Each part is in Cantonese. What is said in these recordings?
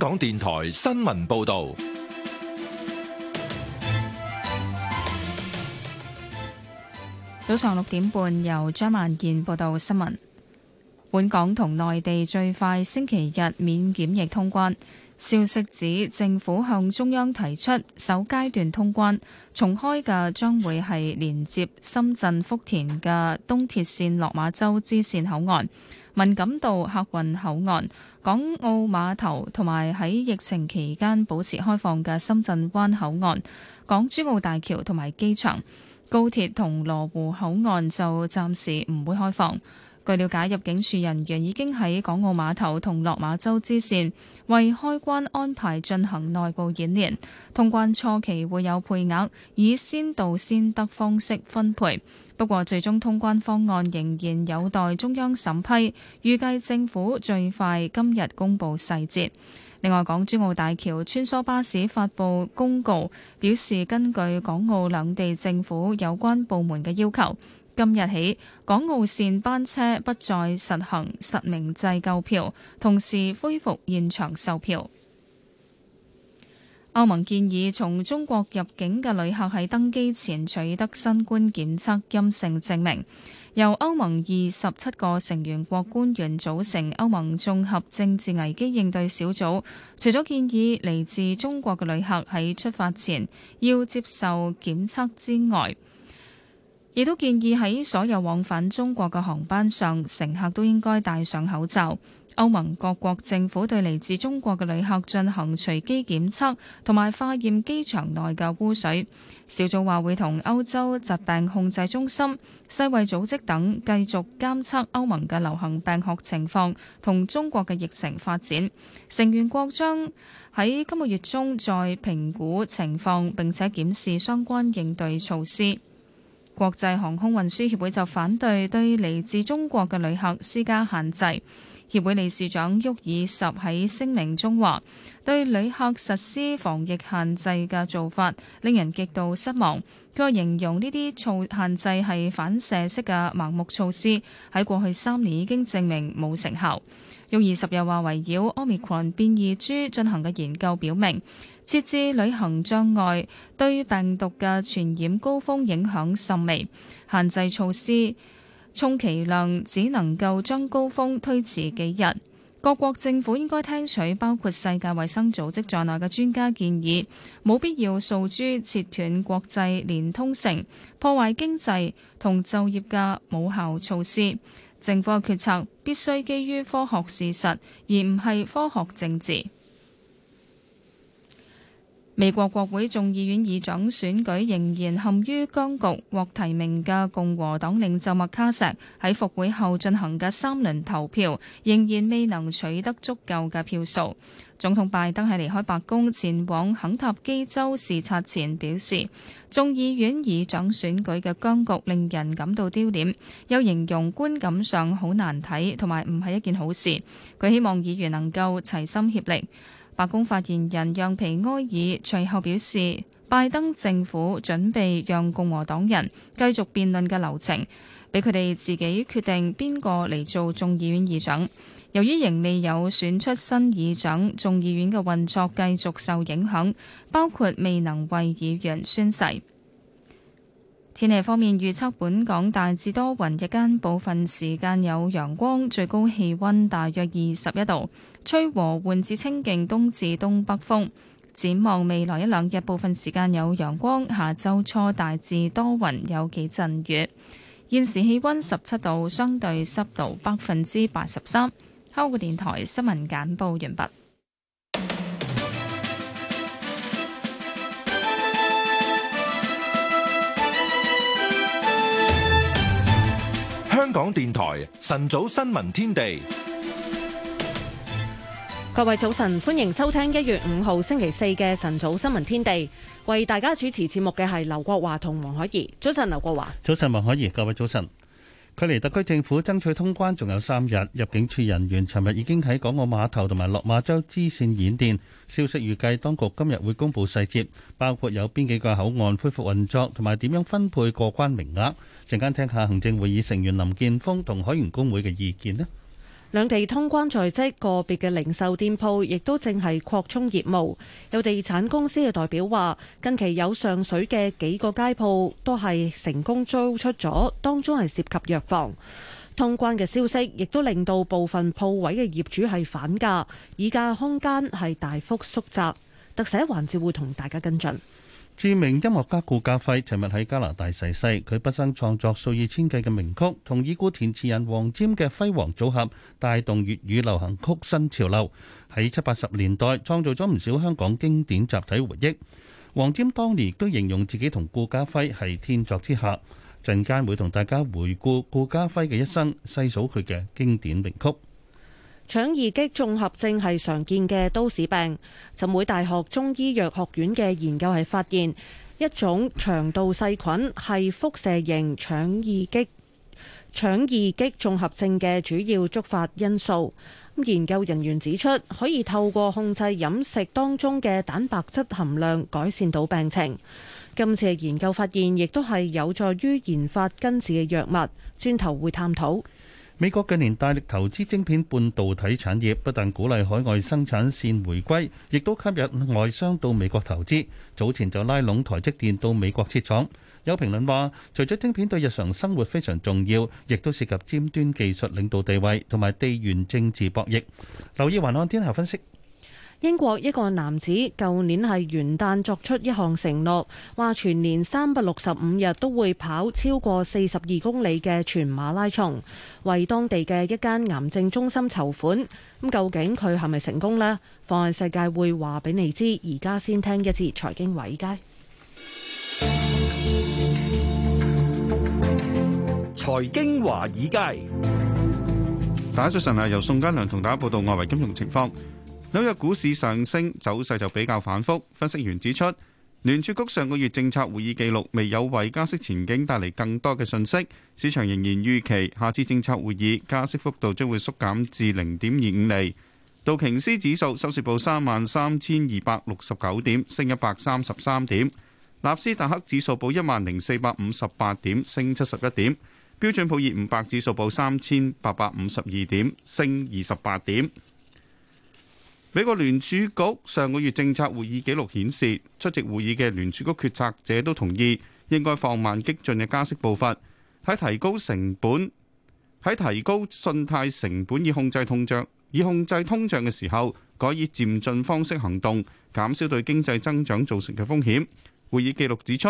港電台新聞報道，早上六點半由張萬健報道新聞。本港同內地最快星期日免檢疫通關，消息指政府向中央提出首階段通關重開嘅，將會係連接深圳福田嘅東鐵綫落馬洲支綫口岸。文錦渡客運口岸、港澳碼頭同埋喺疫情期間保持開放嘅深圳灣口岸、港珠澳大橋同埋機場、高鐵同羅湖口岸就暫時唔會開放。據了解，入境處人員已經喺港澳碼頭同落馬洲支線為開關安排進行內部演練。通關初期會有配額，以先到先得方式分配。不過，最終通關方案仍然有待中央審批，預計政府最快今日公布細節。另外，港珠澳大橋穿梭巴士發布公告，表示根據港澳兩地政府有關部門嘅要求，今日起港澳線班車不再實行實名制購票，同時恢復現場售票。歐盟建議從中國入境嘅旅客喺登機前取得新冠檢測陰性證明。由歐盟二十七個成員國官員組成歐盟綜合政治危機應對小組，除咗建議嚟自中國嘅旅客喺出發前要接受檢測之外，亦都建議喺所有往返中國嘅航班上，乘客都應該戴上口罩。歐盟各國政府對嚟自中國嘅旅客進行隨機檢測，同埋化驗機場內嘅污水。小組話會同歐洲疾病控制中心、世衛組織等繼續監測歐盟嘅流行病學情況同中國嘅疫情發展。成員國將喺今個月中再評估情況，並且檢視相關應對措施。國際航空運輸協會就反對對嚟自中國嘅旅客施加限制。協會理事長沃爾什喺聲明中話：對旅客實施防疫限制嘅做法令人極度失望。佢話形容呢啲措限制係反射式嘅盲目措施，喺過去三年已經證明冇成效。沃爾什又話：圍繞 Omicron 變異株進行嘅研究表明，設置旅行障礙對病毒嘅傳染高峰影響甚微，限制措施，充其量只能夠將高峰推遲幾日。各國政府應該聽取包括世界衛生組織在內嘅專家建議，冇必要訴諸切斷國際連通性，破壞經濟同就業嘅無效措施。政府嘅決策必須基於科學事實，而唔係科學政治。美國國會眾議院議長選舉仍然陷於僵局，獲提名嘅共和黨領袖麥卡錫喺復會後進行嘅三輪投票，仍然未能取得足夠嘅票數。總統拜登喺離開白宮前往肯塔基州視察前表示，眾議院議長選舉嘅僵局令人感到丟臉，又形容觀感上好難睇，同埋唔係一件好事。佢希望議員能夠齊心協力。白宮發言人讓皮埃爾隨後表示，拜登政府準備讓共和黨人繼續辯論嘅流程，俾佢哋自己決定邊個嚟做眾議院議長。由於仍未有選出新議長，眾議院嘅運作繼續受影響，包括未能為議員宣誓。天氣方面預測，本港大致多雲，日間部分時間有陽光，最高氣溫大約二十一度。吹和緩至清勁，東至東北風。展望未來一兩日，部分時間有陽光。下週初大致多雲，有幾陣雨。現時氣溫十七度，相對濕度百分之八十三。香港電台新聞簡報完畢。香港電台晨早新聞天地。各位早晨，歡迎收聽一月五號星期四嘅晨早新聞天地。為大家主持節目嘅係劉國華同黃海怡。早晨，劉國華。早晨，黃海怡。各位早晨。距離特區政府爭取通關仲有三日，入境處人員尋日已經喺港澳碼頭同埋落馬洲支線演練，消息預計當局今日會公布細節，包括有邊幾個口岸恢復運作，同埋點樣分配過關名額。陣間聽下行政會議成員林健鋒同海員工會嘅意見咧。兩地通關在即，個別嘅零售店鋪亦都正係擴充業務。有地產公司嘅代表話，近期有上水嘅幾個街鋪都係成功租出咗，當中係涉及藥房通關嘅消息，亦都令到部分鋪位嘅業主係反價，議價空間係大幅縮窄。特寫環節會同大家跟進。著名音樂家顧嘉輝尋日喺加拿大逝世，佢畢生創作數以千計嘅名曲，同已故填詞人黃霑嘅輝煌組合帶動粵語流行曲新潮流。喺七八十年代創造咗唔少香港經典集體回憶。黃霑當年亦都形容自己同顧嘉輝係天作之合。陣間會同大家回顧顧嘉輝嘅一生，細數佢嘅經典名曲。腸易激綜合症係常見嘅都市病。浸會大學中醫藥學院嘅研究係發現，一種腸道細菌係腹瀉型腸易激腸易激綜合症嘅主要觸發因素。研究人員指出，可以透過控制飲食當中嘅蛋白質含量改善到病情。今次嘅研究發現亦都係有助於研發根治嘅藥物，轉頭會探討。美國近年大力投資晶片半導體產業，不但鼓勵海外生產線回歸，亦都吸引外商到美國投資。早前就拉攏台積電到美國設廠。有評論話，除咗晶片對日常生活非常重要，亦都涉及尖端技術領導地位同埋地緣政治博弈。留意環岸天後分析。英國一個男子舊年係元旦作出一項承諾，話全年三百六十五日都會跑超過四十二公里嘅全馬拉松，為當地嘅一間癌症中心籌款。咁究竟佢係咪成功呢？放眼世界會話俾你知。而家先聽一次財經偉佳，財經華爾街。大家早晨啊，由宋嘉良同大家報道外圍金融情況。紐約股市上升，走勢就比較反覆。分析員指出，聯儲局上個月政策會議記錄未有為加息前景帶嚟更多嘅信息，市場仍然預期下次政策會議加息幅度將會縮減至零點二五厘。道瓊斯指數收市報三萬三千二百六十九點，升一百三十三點；納斯達克指數報一萬零四百五十八點，升七十一點；標準普爾五百指數報三千八百五十二點，升二十八點。美國聯儲局上個月政策會議紀錄顯示，出席會議嘅聯儲局決策者都同意應該放慢激進嘅加息步伐。喺提高成本、喺提高信貸成本以控制通脹、以控制通脹嘅時候，改以漸進方式行動，減少對經濟增長造成嘅風險。會議紀錄指出，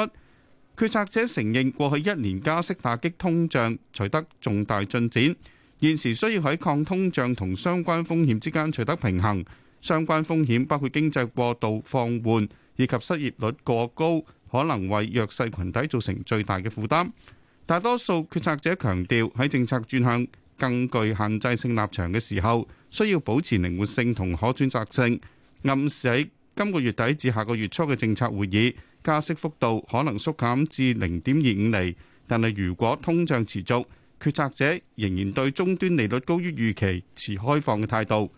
決策者承認過去一年加息打擊通脹取得重大進展，現時需要喺抗通脹同相關風險之間取得平衡。相關風險包括經濟過度放緩以及失業率過高，可能為弱勢羣體造成最大嘅負擔。大多數決策者強調喺政策轉向更具限制性立場嘅時候，需要保持靈活性同可選擇性。暗示喺今個月底至下個月初嘅政策會議，加息幅度可能縮減至零點二五釐。但係如果通脹持續，決策者仍然對終端利率高於預期持開放嘅態度。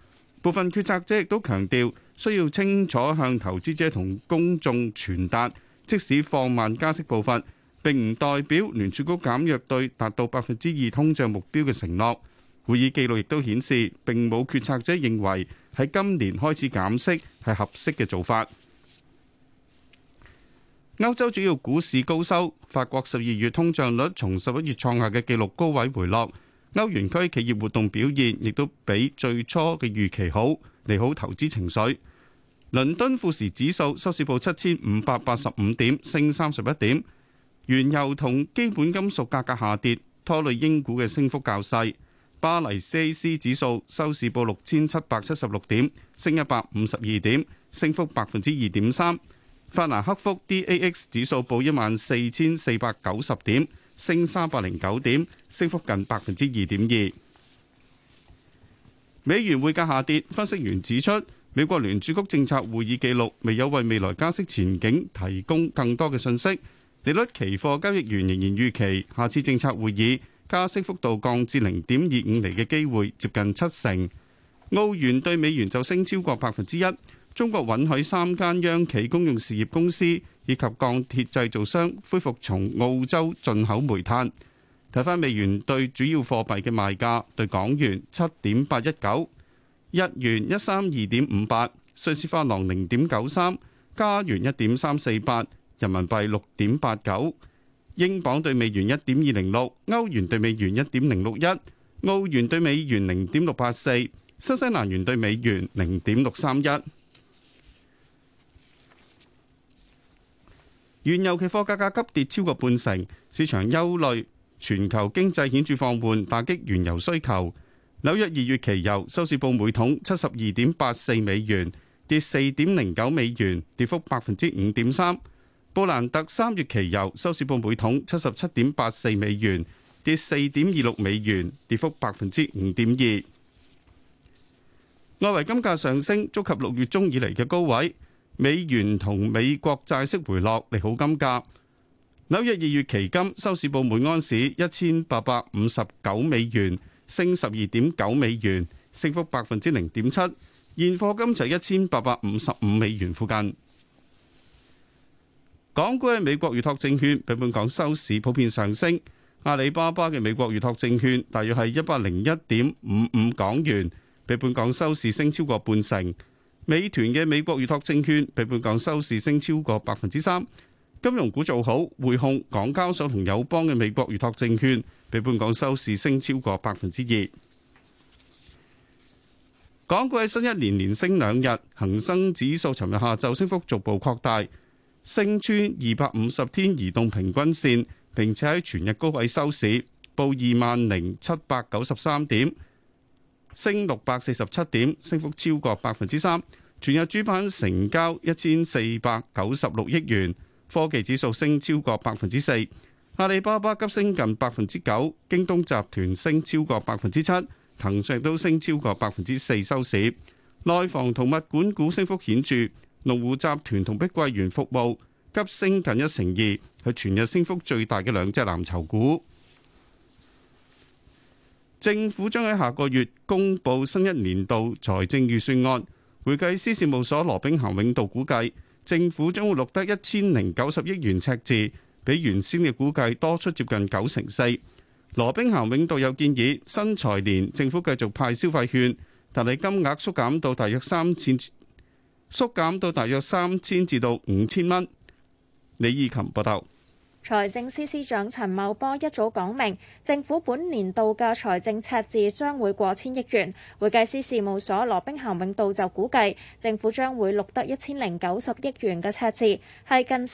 部分決策者亦都強調，需要清楚向投資者同公眾傳達，即使放慢加息步伐，並唔代表聯儲局減弱對達到百分之二通脹目標嘅承諾。會議記錄亦都顯示，並冇決策者認為喺今年開始減息係合適嘅做法。歐洲主要股市高收，法國十二月通脹率從十一月創下嘅紀錄高位回落。歐元區企業活動表現亦都比最初嘅預期好，利好投資情緒。倫敦富時指數收市報七千五百八十五點，升三十一點。原油同基本金屬價格下跌，拖累英股嘅升幅較細。巴黎 CAC 指數收市報六千七百七十六點，升一百五十二點，升幅百分之二點三。法蘭克福 DAX 指數報一萬四千四百九十點，升三百零九點，升幅近百分之二點二。美元匯價下跌，分析員指出，美國聯儲局政策會議記錄未有為未來加息前景提供更多嘅信息。利率期貨交易員仍然預期下次政策會議加息幅度降至零點二五厘嘅機會接近七成。澳元對美元就升超過百分之一。中國允許三間央企公用事業公司，以及鋼鐵製造商恢復從澳洲進口煤炭。睇返美元對主要貨幣嘅賣價：對港元七點八一九，日元一三二點五八，瑞士法郎零點九三，加元一點三四八，人民幣六點八九，英鎊對美元一點二零六，歐元對美元一點零六一，澳元對美元零點六八四，新西蘭元對美元零點六三一。原油期貨價格急跌超過半成，市場憂慮，全球經濟顯著放緩打擊原油需求。紐約二月期油收市報每桶七十二點八四美元，跌四點零九美元，跌幅百分之五點三。布蘭特三月期油收市報每桶七十七點八四美元，跌四點二六美元，跌幅百分之五點二。外圍金價上升，觸及六月中以嚟嘅高位。美元同美國債息回落，利好金價。紐約二月期金收市報每安士一千八百五十九美元，升十二點九美元，升幅百分之零點七。現貨金就一千八百五十五美元附近。港股嘅美國預託證券，比本港收市普遍上升。阿里巴巴嘅美國預託證券大約係一百零一點五五港元，比本港收市升超過半成。美團嘅美國預託證券比本港收市升超過百分之三，金融股做好，匯控、港交所同友邦嘅美國預託證券比本港收市升超過百分之二。港股喺新一年連升兩日，恒生指數尋日下晝升幅逐步擴大，升穿二百五十天移動平均線，並且喺全日高位收市，報二萬零七百九十三點。升六百四十七點，升幅超過百分之三。全日主板成交一千四百九十六億元，科技指數升超過百分之四。阿里巴巴急升近百分之九，京東集團升超過百分之七，騰訊都升超過百分之四收市。內房同物管股升幅顯著，龍湖集團同碧桂園服務急升近一成二，係全日升幅最大嘅兩隻藍籌股。政府將喺下個月公布新一年度財政預算案。會計師事務所羅兵咸永道估計，政府將會錄得一千零九十億元赤字，比原先嘅估計多出接近九成四。羅兵咸永道有建議，新財年政府繼續派消費券，但係金額縮減到大約三千，縮減到大約三千至到五千蚊。李義琴報道。財政司司長陳茂波一早講明，政府本年度嘅財政赤字將會過千億元，會計師事務所羅兵咸永道就估計政府將會錄得一千零九十億元嘅赤字係近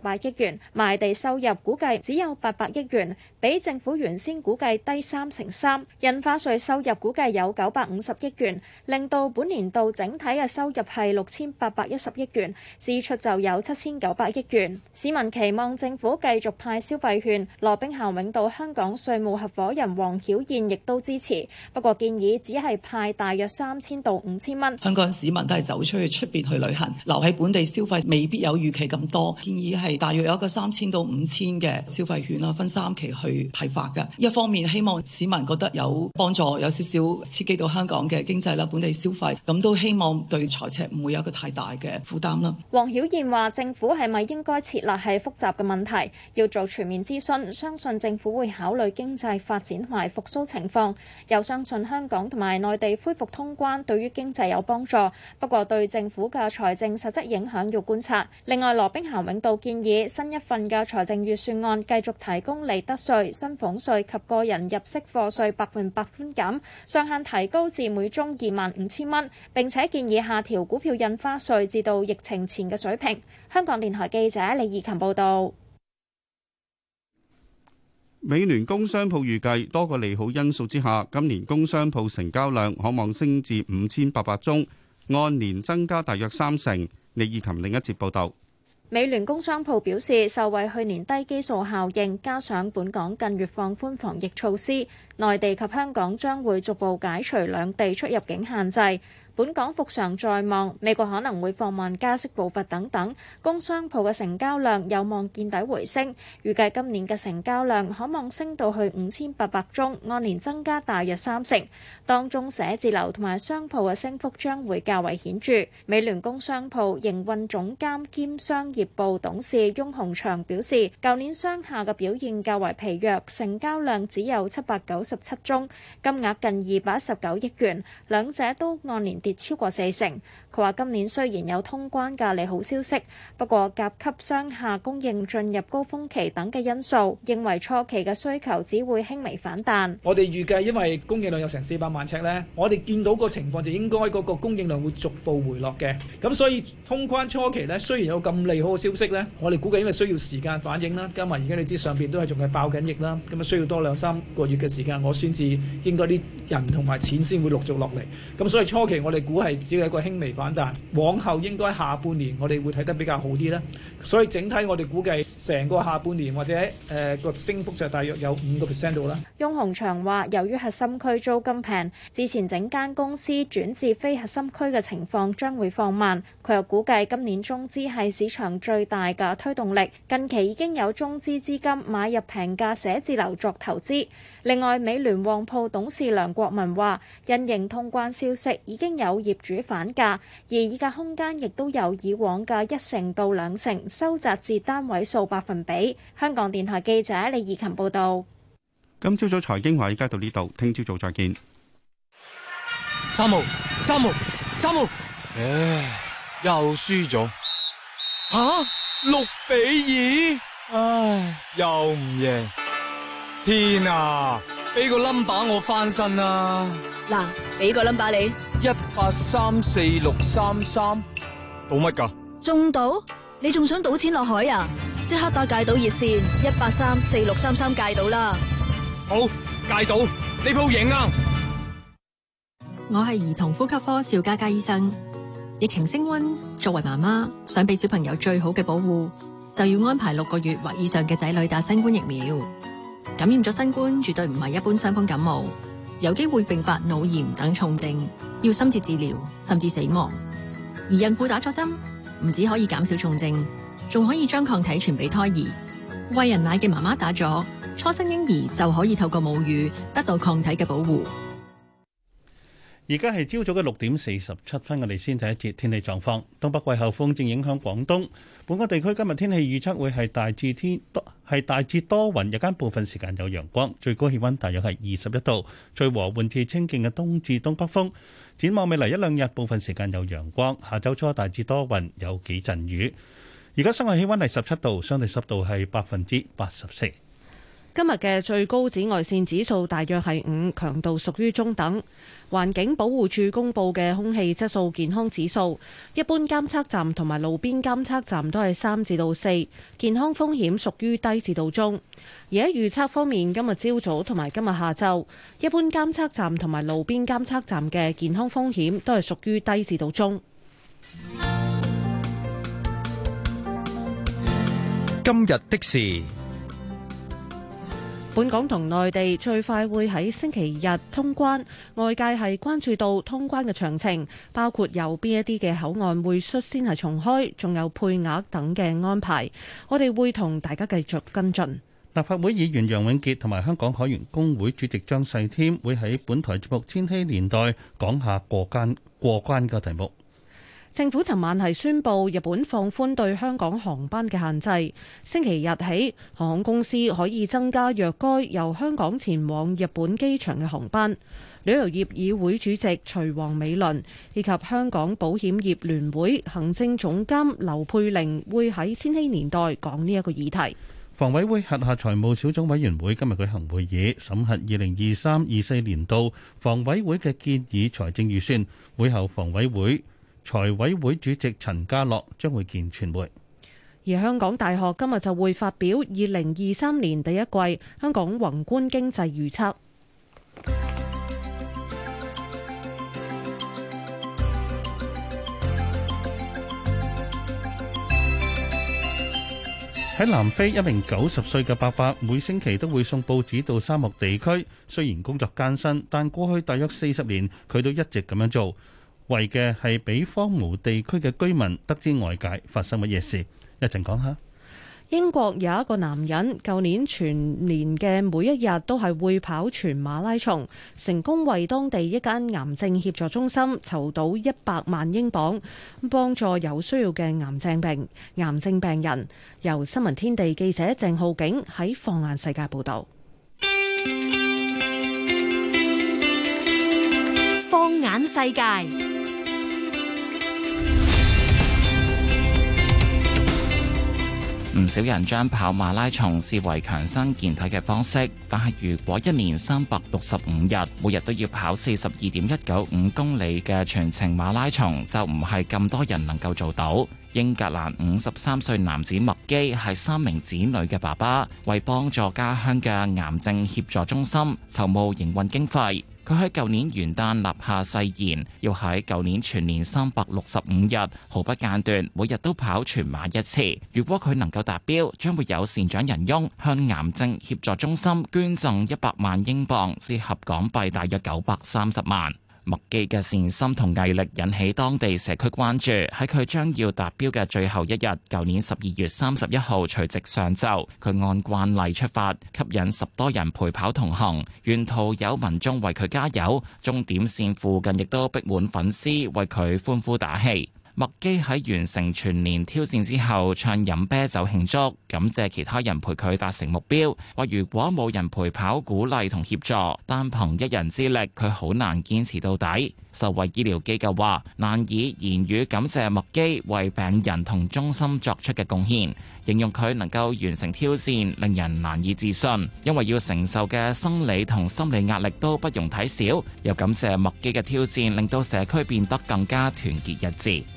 八億元賣地收入估計只有八百億元，比政府原先估計低三成三。印花稅收入估計有九百五十億元，令到本年度整體嘅收入係六千八百一十億元，支出就有七千九百億元。市民期望政府繼續派消費券。羅兵咸永道香港稅務合伙人黃曉燕亦都支持，不過建議只係派大約三千到五千蚊。香港市民都係走出去出面去旅行，留喺本地消費未必有預期咁多。建議係。大約有一個三千到五千嘅消費券啦，分三期去派發嘅。一方面希望市民覺得有幫助，有少少刺激到香港嘅經濟啦，本地消費。咁都希望對財赤唔會有一個太大嘅負擔啦。黃曉燕話：政府係咪應該設立係複雜嘅問題，要做全面諮詢。相信政府會考慮經濟發展同埋復甦情況，又相信香港同埋內地恢復通關對於經濟有幫助。不過對政府嘅財政實質影響要觀察。另外，羅兵咸永道建。以新一份嘅財政預算案繼續提供利得稅、薪俸稅及個人入息課稅百分百寬減上限，提高至每宗二萬五千蚊，並且建議下調股票印花稅至到疫情前嘅水平。香港電台記者李義勤報道。美聯工商鋪預計，多個利好因素之下，今年工商鋪成交量可望升至五千八百宗，按年增加大約三成。李義勤另一節報道。美聯工商鋪表示，受惠去年低基數效應，加上本港近月放寬防疫措施，內地及香港將會逐步解除兩地出入境限制。本港復常在望，美國可能會放慢加息步伐等等，工商鋪嘅成交量有望見底回升。預計今年嘅成交量可望升到去五千八百宗，按年增加大約三成。當中寫字樓同埋商鋪嘅升幅將會較為顯著。美聯工商鋪營運總監兼商業部董事翁洪祥表示，舊年商廈嘅表現較為疲弱，成交量只有七百九十七宗，金額近二百一十九億元，兩者都按年跌超過四成。佢話今年雖然有通關嘅利好消息，不過甲級商廈供應進入高峰期等嘅因素，認為初期嘅需求只會輕微反彈。我哋預計，因為供應量有成四百萬尺咧，我哋見到個情況就應該嗰個供應量會逐步回落嘅。咁所以通關初期咧，雖然有咁利好嘅消息咧，我哋估計因為需要時間反應啦。加埋而家你知上邊都係仲係爆緊疫啦，咁啊需要多兩三個月嘅時間，我先至應該啲人同埋錢先會陸續落嚟。咁所以初期我哋。股係只有一個輕微反彈，往後應該下半年我哋會睇得比較好啲啦。所以整體我哋估計成個下半年或者誒個、呃、升幅就大約有五個 percent 到啦。翁鴻翔話，由於核心區租金平，之前整間公司轉至非核心區嘅情況將會放慢。佢又估計今年中資係市場最大嘅推動力，近期已經有中資資金買入平價寫字樓作投資。另外,美聯旺鋪董事梁國文話，認型通關消息已經有業主反價，而議價空間亦都有以往嘅一成到兩成，收窄至單位數百分比。香港電台記者李怡勤報道。今朝早財經話，而家到呢度，聽朝早再見。三毛,三毛,三毛,唉,又輸咗,天啊！俾個 number 我翻身啊！嗱，俾個 number 你一八三四六三三，賭乜噶？中到你仲想賭錢落海啊？即刻打戒賭熱線一八三四六三三戒賭啦。好戒賭呢鋪贏啊！我係兒童呼吸科邵家家醫生。疫情升温，作為媽媽想俾小朋友最好嘅保護，就要安排六個月或以上嘅仔女打新冠疫苗。感染咗新冠絕對唔係一般傷風感冒，有機會併發腦炎等重症，要深切治療，甚至死亡。而孕婦打咗針，唔止可以減少重症，仲可以將抗體傳俾胎兒。喂人奶嘅媽媽打咗，初生嬰兒就可以透過母乳得到抗體嘅保護。而家係朝早嘅六點四十七分，我哋先睇一節天氣狀況。東北季候風正影響廣東，本港地區今日天氣預測會係大致天係大致多雲，日間部分時間有陽光，最高氣溫大約係二十一度，吹和緩至清勁嘅東至東北風。展望未來一兩日，部分時間有陽光，下晝初大致多雲，有幾陣雨。而家室外氣溫係十七度，相對濕度係百分之八十四。今日嘅最高紫外線指數大約係五，強度屬於中等。環境保護署公布嘅空氣質素健康指數，一般監測站同埋路邊監測站都係三至到四，健康風險屬於低至到中。而喺預測方面，今日朝早同埋今日下晝，一般監測站同埋路邊監測站嘅健康風險都係屬於低至到中。今日的事。本港同內地最快會喺星期日通關，外界係關注到通關嘅詳情，包括有邊一啲嘅口岸會率先係重開，仲有配額等嘅安排。我哋會同大家繼續跟進。立法會議員楊永杰同埋香港海員工會主席張世添會喺本台節目《千禧年代》講下過關過關嘅題目。政府尋晚係宣布，日本放寬對香港航班嘅限制。星期日起，航空公司可以增加若該由香港前往日本機場嘅航班。旅遊業議會主席徐王美倫以及香港保險業聯會行政總監劉佩玲會喺千禧年代講呢一個議題。房委會轄下財務小組委員會今日舉行會議，審核二零二三二四年度房委會嘅建議財政預算，會後房委會。財委會主席陳家樂將會見傳媒，而香港大學今日就會發表二零二三年第一季香港宏觀經濟預測。喺南非，一名九十歲嘅伯伯每星期都會送報紙到沙漠地區，雖然工作艱辛，但過去大約四十年，佢都一直咁樣做。為嘅係俾荒蕪地區嘅居民得知外界發生乜嘢事，一陣講下。英國有一個男人，舊年全年嘅每一日都係會跑全馬拉松，成功為當地一間癌症協助中心籌到一百萬英鎊，幫助有需要嘅癌症病癌症病人。由新聞天地記者鄭浩景喺放眼世界報道。放眼世界。報唔少人將跑馬拉松視為強身健體嘅方式，但係如果一年三百六十五日，每日都要跑四十二點一九五公里嘅全程馬拉松，就唔係咁多人能夠做到。英格蘭五十三歲男子麥基係三名子女嘅爸爸，為幫助家鄉嘅癌症協助中心籌募營運經費。佢喺舊年元旦立下誓言，要喺舊年全年三百六十五日毫不間斷，每日都跑全馬一次。如果佢能夠達標，將會有善長仁翁向癌症協助中心捐贈一百萬英鎊，折合港幣大約九百三十萬。默記嘅善心同毅力引起當地社區關注。喺佢將要達標嘅最後一日，舊年十二月三十一號除夕上晝，佢按慣例出發，吸引十多人陪跑同行。沿途有民眾為佢加油，終點線附近亦都逼滿粉絲為佢歡呼打氣。麥基喺完成全年挑戰之後，暢飲啤酒慶祝，感謝其他人陪佢達成目標。話如果冇人陪跑，鼓勵同協助，單憑一人之力，佢好難堅持到底。受惠醫療機構話難以言語感謝麥基為病人同中心作出嘅貢獻，形容佢能夠完成挑戰令人難以置信，因為要承受嘅生理同心理壓力都不容睇小。又感謝麥基嘅挑戰，令到社區變得更加團結一致。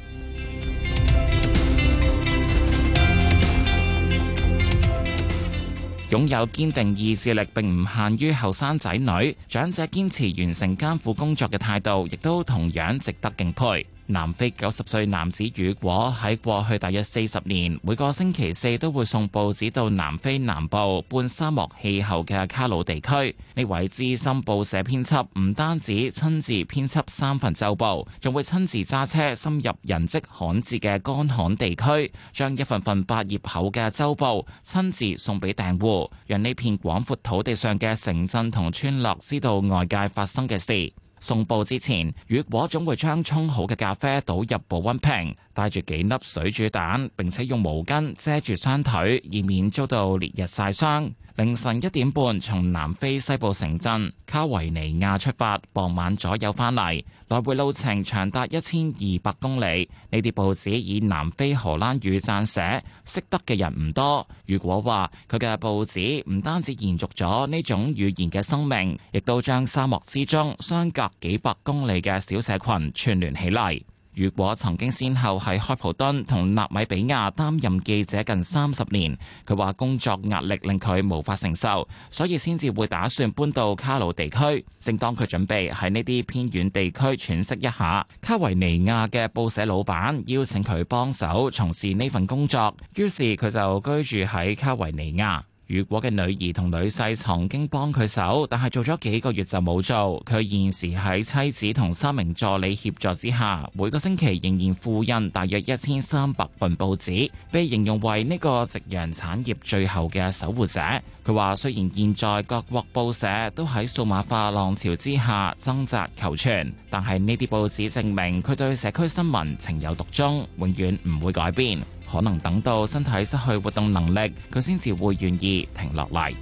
擁有堅定意志力並唔限於後生仔女，長者堅持完成艱苦工作嘅態度，亦都同樣值得敬佩。南非九十歲男子雨果喺過去大約四十年，每個星期四都會送報紙到南非南部半沙漠氣候嘅卡魯地區。呢位資深報社編輯唔單止親自編輯三份周報，仲會親自揸車深入人跡罕至嘅乾旱地區，將一份份八頁厚嘅周報親自送俾訂戶，讓呢片廣闊土地上嘅城鎮同村落知道外界發生嘅事。送報之前，雨果總會將沖好嘅咖啡倒入保温瓶，帶住幾粒水煮蛋，並且用毛巾遮住雙腿，以免遭到烈日曬傷。凌晨一點半從南非西部城鎮卡維尼亞出發，傍晚左右返嚟，來回路程長達一千二百公里。呢啲報紙以南非荷蘭語撰寫，識得嘅人唔多。如果話佢嘅報紙唔單止延續咗呢種語言嘅生命，亦都將沙漠之中相隔幾百公里嘅小社群串聯起嚟。如果曾經先後喺開普敦同納米比亞擔任記者近三十年，佢話工作壓力令佢無法承受，所以先至會打算搬到卡魯地區。正當佢準備喺呢啲偏遠地區喘息一下，卡維尼亞嘅報社老闆邀請佢幫手從事呢份工作，於是佢就居住喺卡維尼亞。如果嘅女兒同女婿曾經幫佢手，但係做咗幾個月就冇做。佢現時喺妻子同三名助理協助之下，每個星期仍然複印大約一千三百份報紙，被形容為呢個夕陽產業最後嘅守護者。佢話雖然現在各國報社都喺數碼化浪潮之下掙扎求存，但係呢啲報紙證明佢對社區新聞情有獨鍾，永遠唔會改變。可能等到身體失去活動能力，佢先至會願意停落嚟。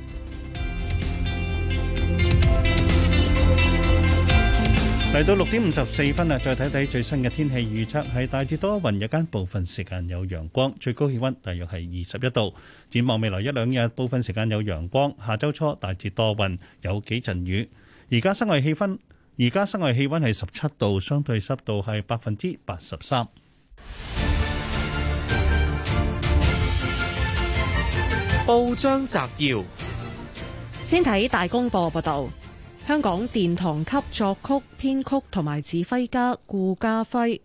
嚟到六點五十四分啦，再睇睇最新嘅天氣預測，係大致多雲，日間部分時間有陽光，最高氣温大約係二十一度。展望未來一兩日，部分時間有陽光，下周初大致多雲，有幾陣雨。而家室外氣温，而家室外氣温係十七度，相對濕度係百分之八十三。報章摘要：先睇大公報報道，香港殿堂級作曲，編曲家家、編曲同埋指揮家顧嘉輝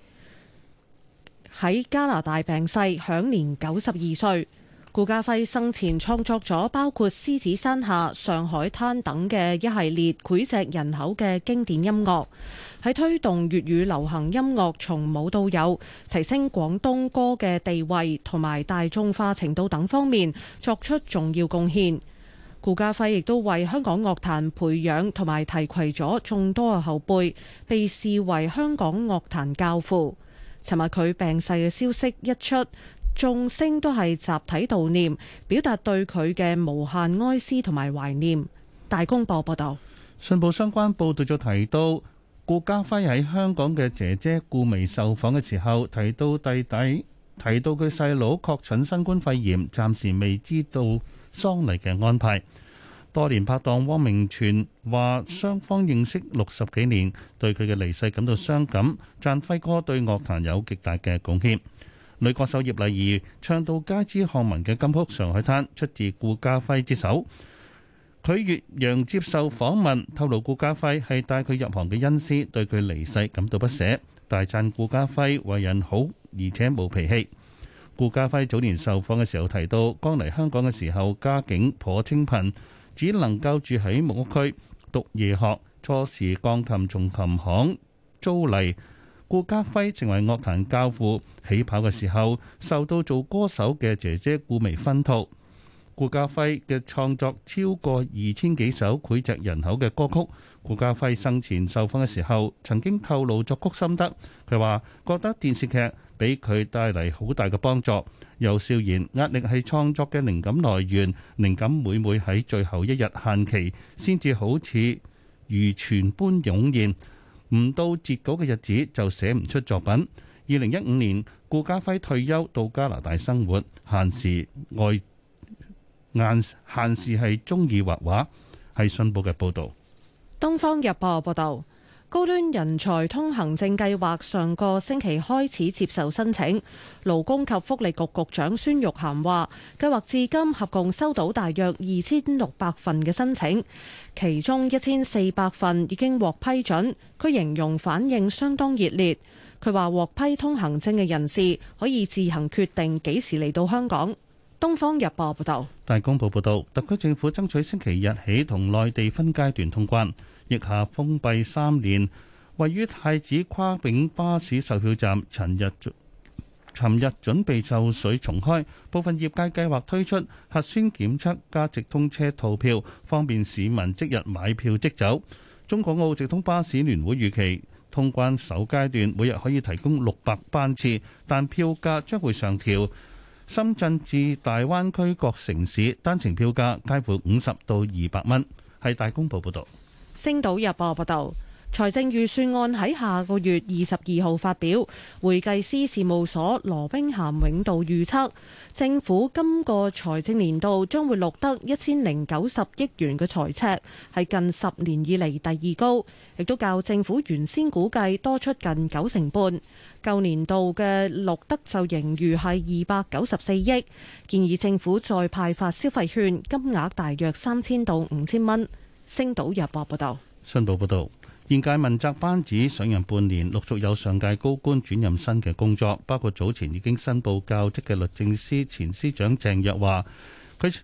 喺加拿大病逝，享年九十二歲。.顧嘉輝生前創作咗包括《獅子山下》《上海灘》等嘅一系列膾炙人口嘅經典音樂，喺推動粵語流行音樂從冇到有、提升廣東歌嘅地位同埋大眾化程度等方面作出重要貢獻。顧嘉輝亦都為香港樂壇培養同埋提攜咗眾多嘅後輩，被視為香港樂壇教父。尋日佢病逝嘅消息一出，眾星都係集體悼念，表達對佢嘅無限哀思同埋懷念。大公報報道，信報相關報道就提到，顧嘉煇喺香港嘅姐姐顧媚受訪嘅時候，提到弟弟提到佢細佬確診新冠肺炎，暫時未知道喪禮嘅安排。多年拍檔汪明荃話，雙方認識六十幾年，對佢嘅離世感到傷感，讚輝哥對樂壇有極大嘅貢獻。女歌手葉麗儀唱到街知巷聞嘅金曲《上海灘》，出自顧嘉煇之手。佢越洋接受訪問，透露顧嘉煇係帶佢入行嘅恩師，對佢離世感到不捨，大讚顧嘉煇為人好，而且冇脾氣。顧嘉煇早年受訪嘅時候提到，剛嚟香港嘅時候家境頗清貧，只能夠住喺木屋區，讀夜學，初時鋼琴從琴行租嚟。顧嘉輝成為樂壇教父，起跑嘅時候受到做歌手嘅姐姐顧媚熏陶。顧嘉輝嘅創作超過二千幾首膾炙人口嘅歌曲。顧嘉輝生前受訪嘅時候，曾經透露作曲心得。佢話覺得電視劇俾佢帶嚟好大嘅幫助，又笑言壓力係創作嘅靈感來源，靈感每每喺最後一日限期先至好似如泉般湧現。唔到截稿嘅日子就寫唔出作品。二零一五年，顧家輝退休到加拿大生活，閒時愛閒時係中意畫畫。係信報嘅報道，《東方日報》報道。高端人才通行證計劃上個星期開始接受申請，勞工及福利局局長孫玉菡話，計劃至今合共收到大約二千六百份嘅申請，其中一千四百份已經獲批准。佢形容反應相當熱烈。佢話獲批通行證嘅人士可以自行決定幾時嚟到香港。《東方日報》報道，《大公報》報道，特區政府爭取星期日起同內地分階段通關。疫下封閉三年，位於太子跨境巴士售票站，尋日尋日準備就緒重開。部分業界計劃推出核酸檢測加直通車套票，方便市民即日買票即走。中港澳直通巴士聯會預期通關首階段每日可以提供六百班次，但票價將會上調。深圳至大灣區各城市單程票價介乎五十到二百蚊。係大公報報道。星島日報報道，財政預算案喺下個月二十二號發表。會計師事務所羅兵咸永道預測，政府今個財政年度將會錄得一千零九十億元嘅財赤，係近十年以嚟第二高，亦都較政府原先估計多出近九成半。舊年度嘅錄得就盈餘係二百九十四億，建議政府再派發消費券，金額大約三千到五千蚊。5, 星島日報報道，信報報道，現屆問責班子上任半年，陸續有上屆高官轉任新嘅工作，包括早前已經申報教職嘅律政司前司長鄭若驊，佢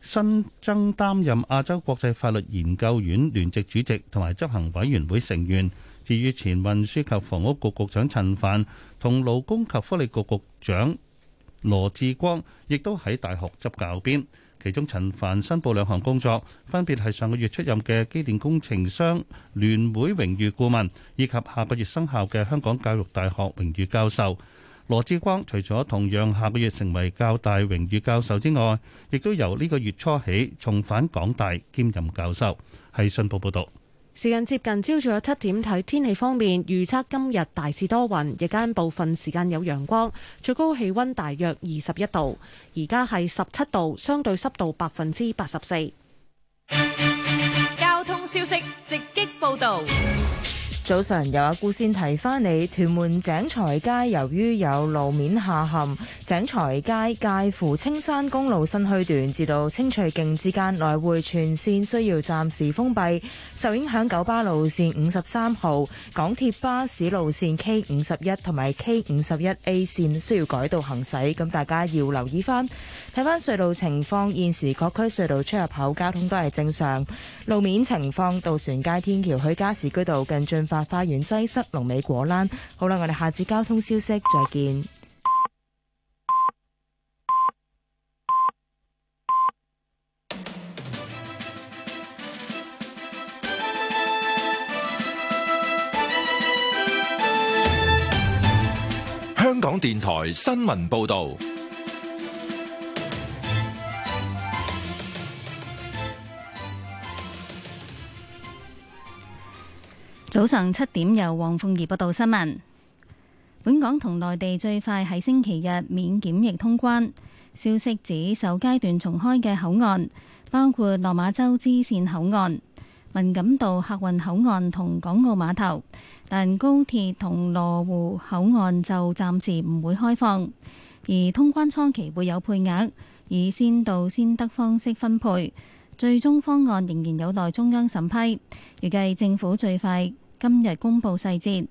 新增擔任亞洲國際法，法律研究院聯席主席同埋執行委員會成員。至於前運輸及房屋局局，局長陳凡同勞工及福利局局長羅致光，亦都喺大學執教鞭。其中，陳帆申報兩項工作，分別係上個月出任嘅機電工程商聯會榮譽顧問，以及下個月生效嘅香港教育大學榮譽教授。羅志光除咗同樣下個月成為教大榮譽教授之外，亦都由呢個月初起重返港大兼任教授。係信報報道。時間接近朝早七點，睇天氣方面，預測今日大致多雲，日間部分時間有陽光，最高氣溫大約二十一度，而家係十七度，相對濕度百分之八十四。交通消息直擊報道。早晨，由阿姑先提翻你，屯門井財街由於有路面下陷，井財街介乎青山公路新墟段至到青翠徑之間來回全線需要暫時封閉，受影響九巴路線五十三號、港鐵巴士路線 K 五十一同埋 K 五十一 A 線需要改道行駛，咁大家要留意翻。睇翻隧道情況，現時各區隧道出入口交通都係正常。路面情況，渡船街天橋、去加士居道、近駿發花園擠塞，龍尾果欄。好啦，我哋下次交通消息再見。香港電台新聞報道。早上七點，由黃鳳儀報道新聞。本港同內地最快喺星期日免檢疫通關。消息指，首階段重開嘅口岸包括落馬洲支線口岸、文錦道客運口岸同港澳碼頭，但高鐵同羅湖口岸就暫時唔會開放。而通關初期會有配額，以先到先得方式分配。最終方案仍然有待中央審批，預計政府最快今日公布細節。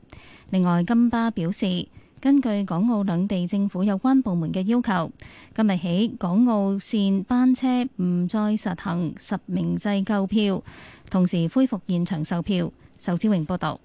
另外，金巴表示，根據港澳兩地政府有關部門嘅要求，今日起港澳線班車唔再實行實名制購票，同時恢復現場售票。仇志榮報道。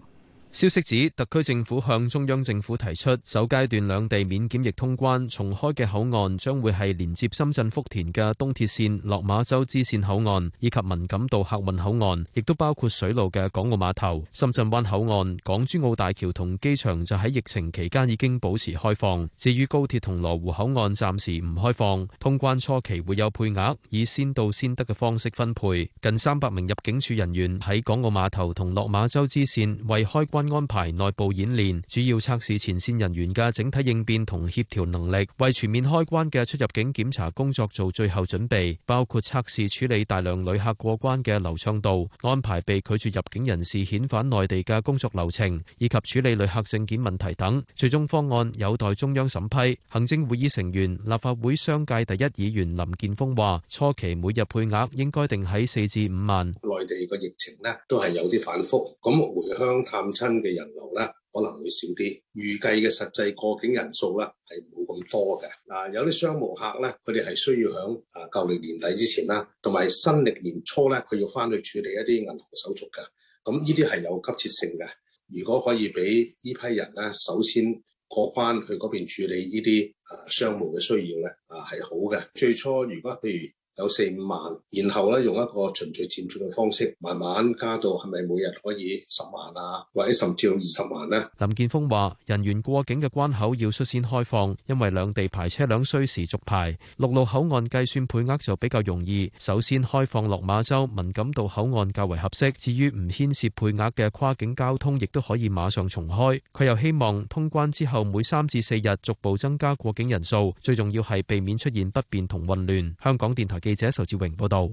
消息指，特區政府向中央政府提出，首階段兩地免檢疫通關重開嘅口岸，將會係連接深圳福田嘅東鐵綫落馬洲支綫口岸，以及文錦渡客運口岸，亦都包括水路嘅港澳碼頭、深圳灣口岸、港珠澳大橋同機場就喺疫情期間已經保持開放。至於高鐵同羅湖口岸暫時唔開放，通關初期會有配額以先到先得嘅方式分配。近三百名入境處人員喺港澳碼頭同落馬洲支綫為開關。安排內部演練，主要測試前線人員嘅整體應變同協調能力，為全面開關嘅出入境檢查工作做最後準備，包括測試處理大量旅客過關嘅流暢度，安排被拒絕入境人士遣返內地嘅工作流程，以及處理旅客證件問題等。最終方案有待中央審批。行政會議成員、立法會商界第一議員林建峰話：初期每日配額應該定喺四至五萬。內地個疫情呢，都係有啲反覆，咁回鄉探親。嘅人流啦，可能會少啲，預計嘅實際過境人數啦，係冇咁多嘅。嗱、啊，有啲商務客咧，佢哋係需要喺啊舊年年底之前啦，同、啊、埋新歷年初咧，佢要翻去處理一啲銀行手續嘅。咁呢啲係有急切性嘅。如果可以俾呢批人咧，首先過關去嗰邊處理呢啲啊商務嘅需要咧，啊係好嘅。最初如果譬如有四五萬，然後咧用一個循序漸進嘅方式，慢慢加到係咪每日可以十萬啊，或者甚至二十萬咧？林建峰話：人員過境嘅關口要率先開放，因為兩地牌車輛需時續牌陸路口岸計算配額就比較容易，首先開放落馬洲文錦道口岸較為合適。至於唔牽涉配額嘅跨境交通，亦都可以馬上重開。佢又希望通關之後每三至四日逐步增加過境人數，最重要係避免出現不便同混亂。香港電台。記者仇志榮報道，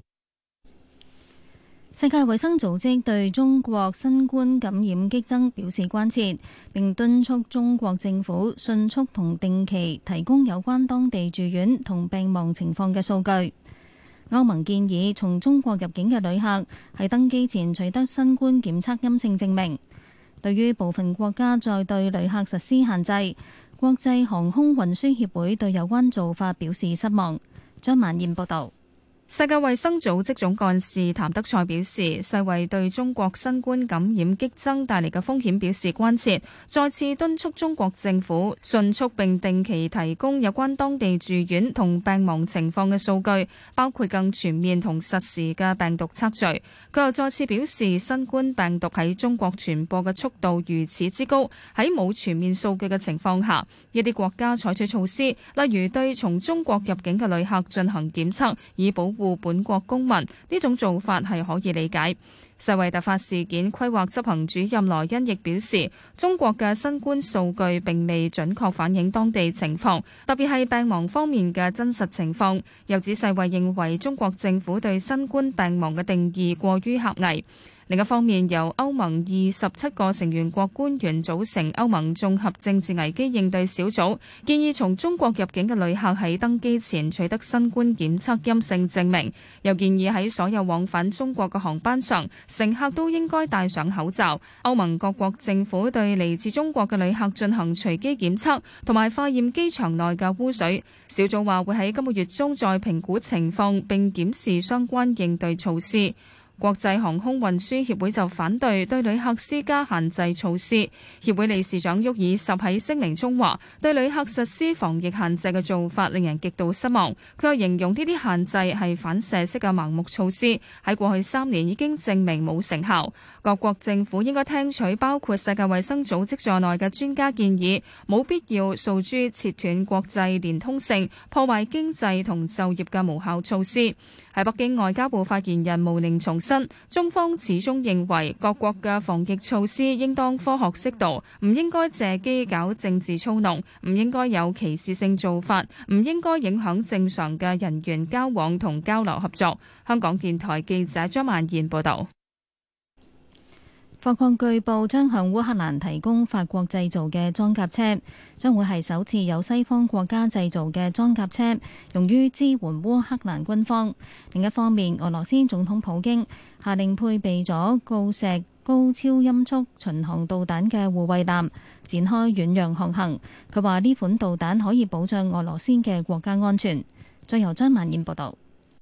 世界衛生組織對中國新冠感染激增表示關切，並敦促中國政府迅速同定期提供有關當地住院同病亡情況嘅數據。歐盟建議從中國入境嘅旅客喺登機前取得新冠檢測陰性證明。對於部分國家在對旅客實施限制，國際航空運輸協會對有關做法表示失望。張曼燕報道。世界衛生組織總幹事譚德賽表示，世衛對中國新冠感染激增帶嚟嘅風險表示關切，再次敦促中國政府迅速並定期提供有關當地住院同病亡情況嘅數據，包括更全面同實時嘅病毒測序。佢又再次表示，新冠病毒喺中國傳播嘅速度如此之高，喺冇全面數據嘅情況下，一啲國家採取措施，例如對從中國入境嘅旅客進行檢測，以保護本國公民呢種做法係可以理解。世衛突發事件規劃執行主任萊恩亦表示，中國嘅新冠數據並未準確反映當地情況，特別係病亡方面嘅真實情況。又指世衛認為中國政府對新冠病亡嘅定義過於狹隘。另一方面，由歐盟二十七個成員國官員組成歐盟綜合政治危機應對小組，建議從中國入境嘅旅客喺登機前取得新冠檢測陰性證明，又建議喺所有往返中國嘅航班上，乘客都應該戴上口罩。歐盟各國政府對嚟自中國嘅旅客進行隨機檢測，同埋化驗機場內嘅污水。小組話會喺今個月中再評估情況，並檢視相關應對措施。國際航空運輸協會就反對對旅客施加限制措施。協會理事長沃爾什喺聲明中話：對旅客實施防疫限制嘅做法令人極度失望。佢又形容呢啲限制係反射式嘅盲目措施，喺過去三年已經證明冇成效。各國政府應該聽取包括世界衛生組織在內嘅專家建議，冇必要訴諸切斷國際連通性，破壞經濟同就業嘅無效措施。喺北京外交部發言人毛寧重申，中方始終認為各國嘅防疫措施應當科學適度，唔應該借機搞政治操弄，唔應該有歧視性做法，唔應該影響正常嘅人員交往同交流合作。香港電台記者張曼燕報道。法國據報將向烏克蘭提供法國製造嘅裝甲車，將會係首次有西方國家製造嘅裝甲車用於支援烏克蘭軍方。另一方面，俄羅斯總統普京下令配備咗鋯石高超音速巡航導彈嘅護衛艦展開遠洋航行。佢話呢款導彈可以保障俄羅斯嘅國家安全。再由張曼燕報道。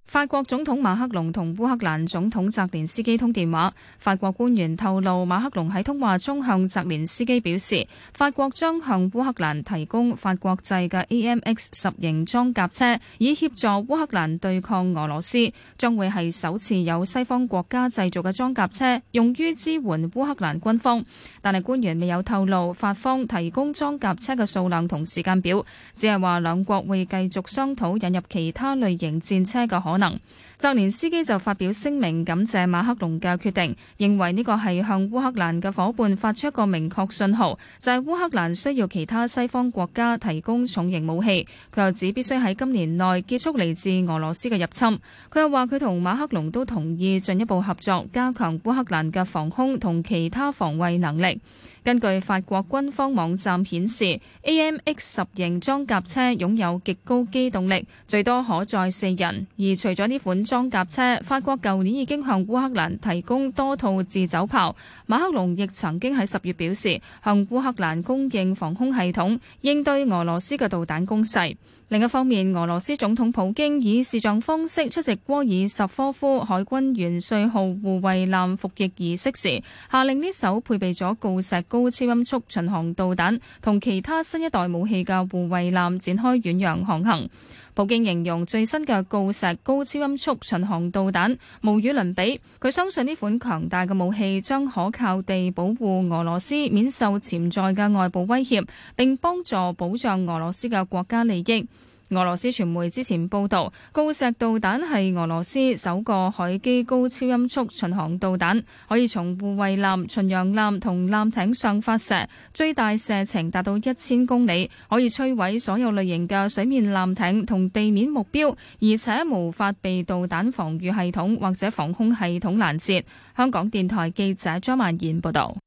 法國總統馬克龍同烏克蘭總統澤連斯基通電話，法國官員透露，馬克龍喺通話中向澤連斯基表示，法國將向烏克蘭提供法國製嘅 AMX 十型裝甲車，以協助烏克蘭對抗俄羅斯。將會係首次有西方國家製造嘅裝甲車用於支援烏克蘭軍方，但係官員未有透露法方提供裝甲車嘅數量同時間表，只係話兩國會繼續商討引入其他類型戰車嘅可能。澤連斯基就發表聲明感謝馬克龍嘅決定，認為呢個係向烏克蘭嘅夥伴發出一個明確信號，就係烏克蘭需要其他西方國家提供重型武器。佢又指必須喺今年內結束嚟自俄羅斯嘅入侵。佢又話佢同馬克龍都同意進一步合作，加強烏克蘭嘅防空同其他防衛能力。根據法國軍方網站顯示，AMX 十型裝甲車擁有極高機動力，最多可載四人。而除咗呢款裝甲車，法國舊年已經向烏克蘭提供多套自走炮。馬克龍亦曾經喺十月表示，向烏克蘭供應防空系統，應對俄羅斯嘅導彈攻勢。另一方面，俄羅斯總統普京以視像方式出席戈爾什科夫海軍元帥號護衛艦服役儀式時，下令呢艘配備咗鋯石高超音速巡航導彈同其他新一代武器嘅護衛艦展開遠洋航行。普京形容最新嘅鋯石高超音速巡航導彈無與倫比，佢相信呢款強大嘅武器將可靠地保護俄羅斯免受潛在嘅外部威脅，並幫助保障俄羅斯嘅國家利益。俄羅斯傳媒之前報道，鋯石導彈係俄羅斯首個海基高超音速巡航導彈，可以從護衛艦、巡洋艦同艦艇上發射，最大射程達到一千公里，可以摧毀所有類型嘅水面艦艇同地面目標，而且無法被導彈防禦系統或者防空系統攔截。香港電台記者張曼燕報道。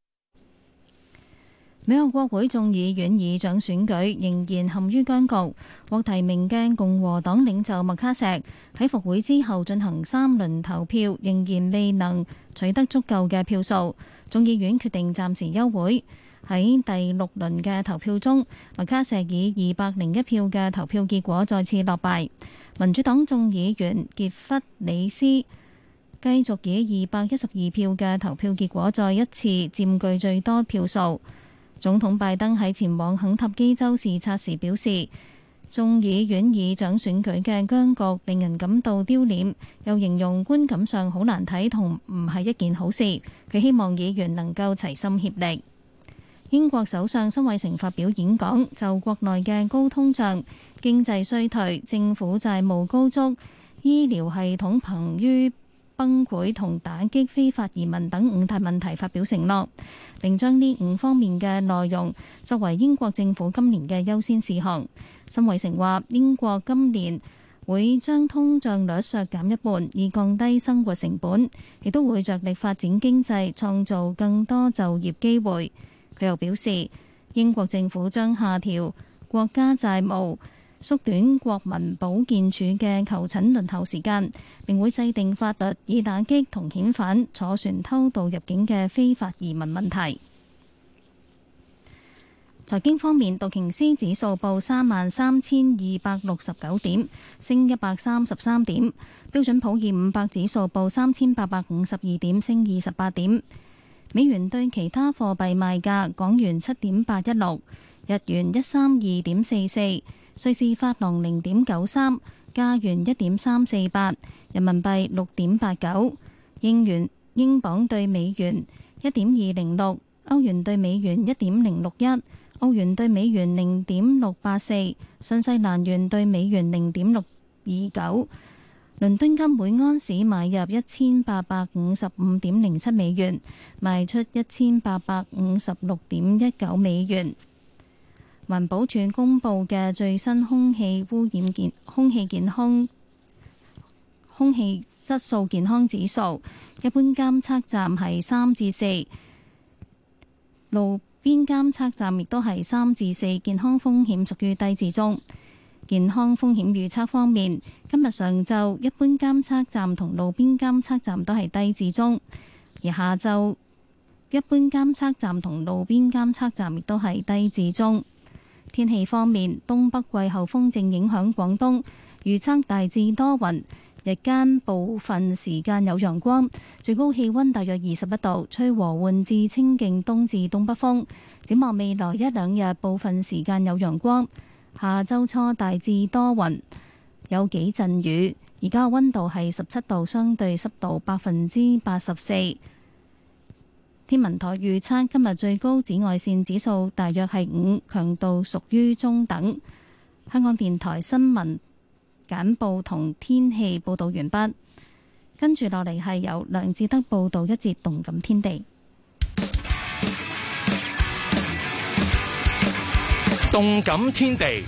美國國會眾議院議長選舉仍然陷於僵局，獲提名嘅共和黨領袖麥卡錫喺復會之後進行三輪投票，仍然未能取得足夠嘅票數。眾議院決定暫時休會。喺第六輪嘅投票中，麥卡錫以二百零一票嘅投票結果再次落敗。民主黨眾議員傑弗里斯繼續以二百一十二票嘅投票結果，再一次佔據最多票數。總統拜登喺前往肯塔基州視察時表示，眾議院議長選舉嘅僵局令人感到丟臉，又形容觀感上好難睇同唔係一件好事。佢希望議員能夠齊心協力。英國首相辛偉誠發表演講，就國內嘅高通脹、經濟衰退、政府債務高築、醫療系統瀕於。崩潰同打擊非法移民等五大問題發表承諾，並將呢五方面嘅內容作為英國政府今年嘅優先事項。辛偉誠話：英國今年會將通脹率削減一半，以降低生活成本，亦都會着力發展經濟，創造更多就業機會。佢又表示，英國政府將下調國家債務。縮短國民保健署嘅求診輪候時間，並會制定法律以打擊同遣返坐船偷渡入境嘅非法移民問題。財經方面，道瓊斯指數報三萬三千二百六十九點，升一百三十三點；標準普爾五百指數報三千八百五十二點，升二十八點。美元對其他貨幣賣價，港元七點八一六，日元一三二點四四。瑞士法郎零點九三，加元一點三四八，人民幣六點八九，英元、英鎊對美元一點二零六，歐元對美元一點零六一，澳元對美元零點六八四，新西蘭元對美元零點六二九。倫敦金每安士買入一千八百五十五點零七美元，賣出一千八百五十六點一九美元。環保署公布嘅最新空氣污染、健空氣健康空氣質素健康指數一般監測站係三至四，路邊監測站亦都係三至四，健康風險屬於低至中。健康風險預測方面，今日上晝一般監測站同路邊監測站都係低至中，而下晝一般監測站同路邊監測站亦都係低至中。天氣方面，東北季候風正影響廣東，預測大致多雲，日間部分時間有陽光，最高氣溫大約二十一度，吹和緩至清勁東至東北風。展望未來一兩日，部分時間有陽光，下週初大致多雲，有幾陣雨。而家溫度係十七度，相對濕度百分之八十四。天文台預測今日最高紫外線指數大約係五，強度屬於中等。香港電台新聞簡報同天氣報導完畢，跟住落嚟係由梁志德報道一節動感天地。動感天地。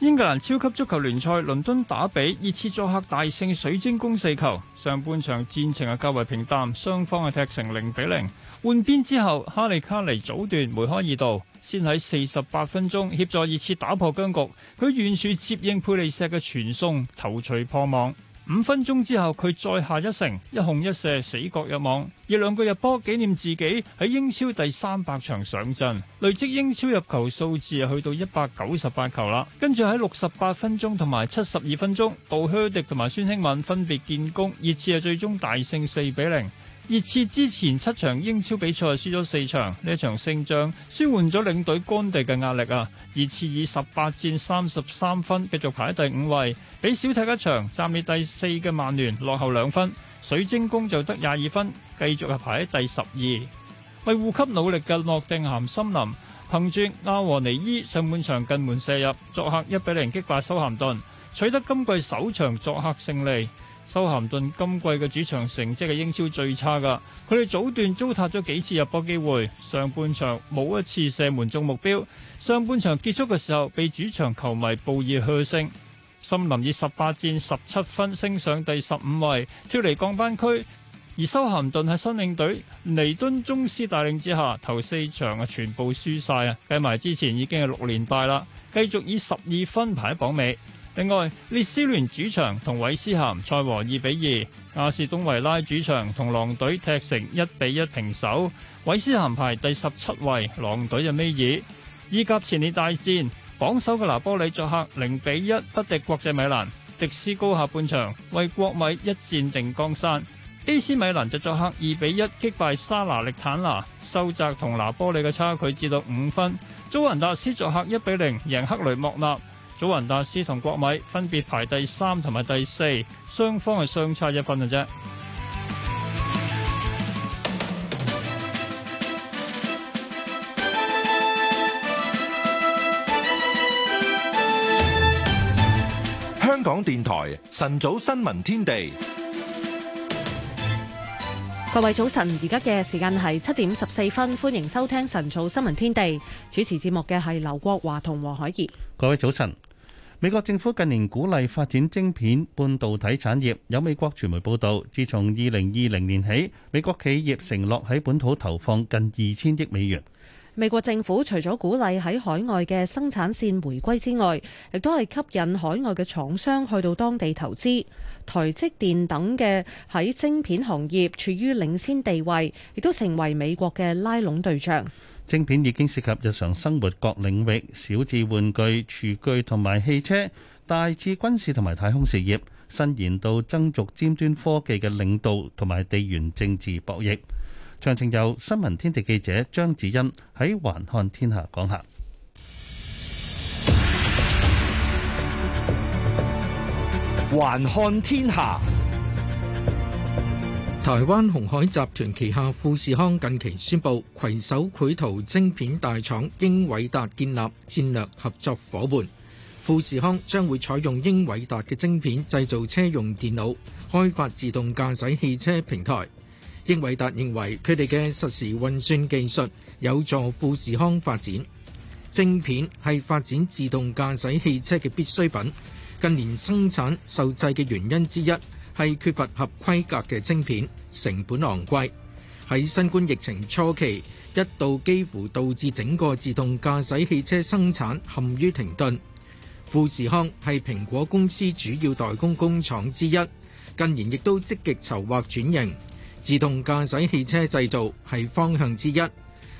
英格蘭超級足球聯賽倫敦打比熱刺作客大勝水晶宮四球。上半場戰情係較為平淡，雙方係踢成零比零。換邊之後，哈利卡尼早段梅開二度，先喺四十八分鐘協助熱刺打破僵局。佢遠處接應佩利石嘅傳送，頭錘破網。五分鐘之後，佢再下一城，一控一射，死角入網，以兩個入波紀念自己喺英超第三百場上陣，累積英超入球數字去到一百九十八球啦。跟住喺六十八分鐘同埋七十二分鐘，布靴迪同埋孫興慜分別建功，熱刺啊，最終大勝四比零。熱刺之前七場英超比賽輸咗四場，呢一場勝仗舒緩咗領隊干地嘅壓力啊！熱刺以十八戰三十三分繼續排喺第五位，比少踢一場，暫列第四嘅曼聯落後兩分。水晶宮就得廿二分，繼續排喺第十二。為護級努力嘅諾定咸森林憑住阿和尼伊上半場近門射入，作客一比零擊敗修咸頓，取得今季首場作客勝利。修咸頓今季嘅主場成績係英超最差噶，佢哋早段糟蹋咗幾次入波機會，上半場冇一次射門中目標，上半場結束嘅時候被主場球迷報以噓聲。森林以十八戰十七分升上第十五位，脫離降班區，而修咸頓喺新領隊尼敦宗斯帶領之下，頭四場啊全部輸晒啊，計埋之前已經係六連敗啦，繼續以十二分排榜尾。另外，列斯聯主場同韋斯咸賽和二比二；亞士東維拉主場同狼隊踢成一比一平手。韋斯咸排第十七位，狼隊就尾二。意甲前列大戰，榜首嘅拿波里作客零比一不敵國際米蘭。迪斯高下半場為國米一戰定江山。AC 米蘭就作客二比一擊敗沙拿力坦拿，收窄同拿波里嘅差距至到五分。祖雲達斯作客一比零贏克雷莫納。祖雲達斯同國米分別排第三同埋第四，雙方係相差一分嘅啫。香港電台晨早新聞天地，各位早晨，而家嘅時間係七點十四分，歡迎收聽晨早新聞天地。主持節目嘅係劉國華同黃海兒。各位早晨。美國政府近年鼓勵發展晶片半導體產業，有美國傳媒報導，自從二零二零年起，美國企業承諾喺本土投放近二千億美元。美國政府除咗鼓勵喺海外嘅生產線回歸之外，亦都係吸引海外嘅廠商去到當地投資。台積電等嘅喺晶片行業處於領先地位，亦都成為美國嘅拉攏對象。晶片已經涉及日常生活各領域，小至玩具、廚具同埋汽車，大至軍事同埋太空事業，伸延到爭逐尖端科技嘅領導同埋地緣政治博弈。詳情由新聞天地記者張子欣喺《環看天下》講下，《環看天下》。台灣鴻海集團旗下富士康近期宣布攜手繪圖晶片大廠英偉達建立戰略合作夥伴，富士康將會採用英偉達嘅晶片製造車用電腦，開發自動駕駛汽車平台。英偉達認為佢哋嘅實時運算技術有助富士康發展。晶片係發展自動駕駛汽車嘅必需品。近年生產受制嘅原因之一，係缺乏合規格嘅晶片。成本昂貴，喺新冠疫情初期一度幾乎導致整個自動駕駛汽車生產陷於停頓。富士康係蘋果公司主要代工工廠之一，近年亦都積極籌劃轉型，自動駕駛汽車製造係方向之一。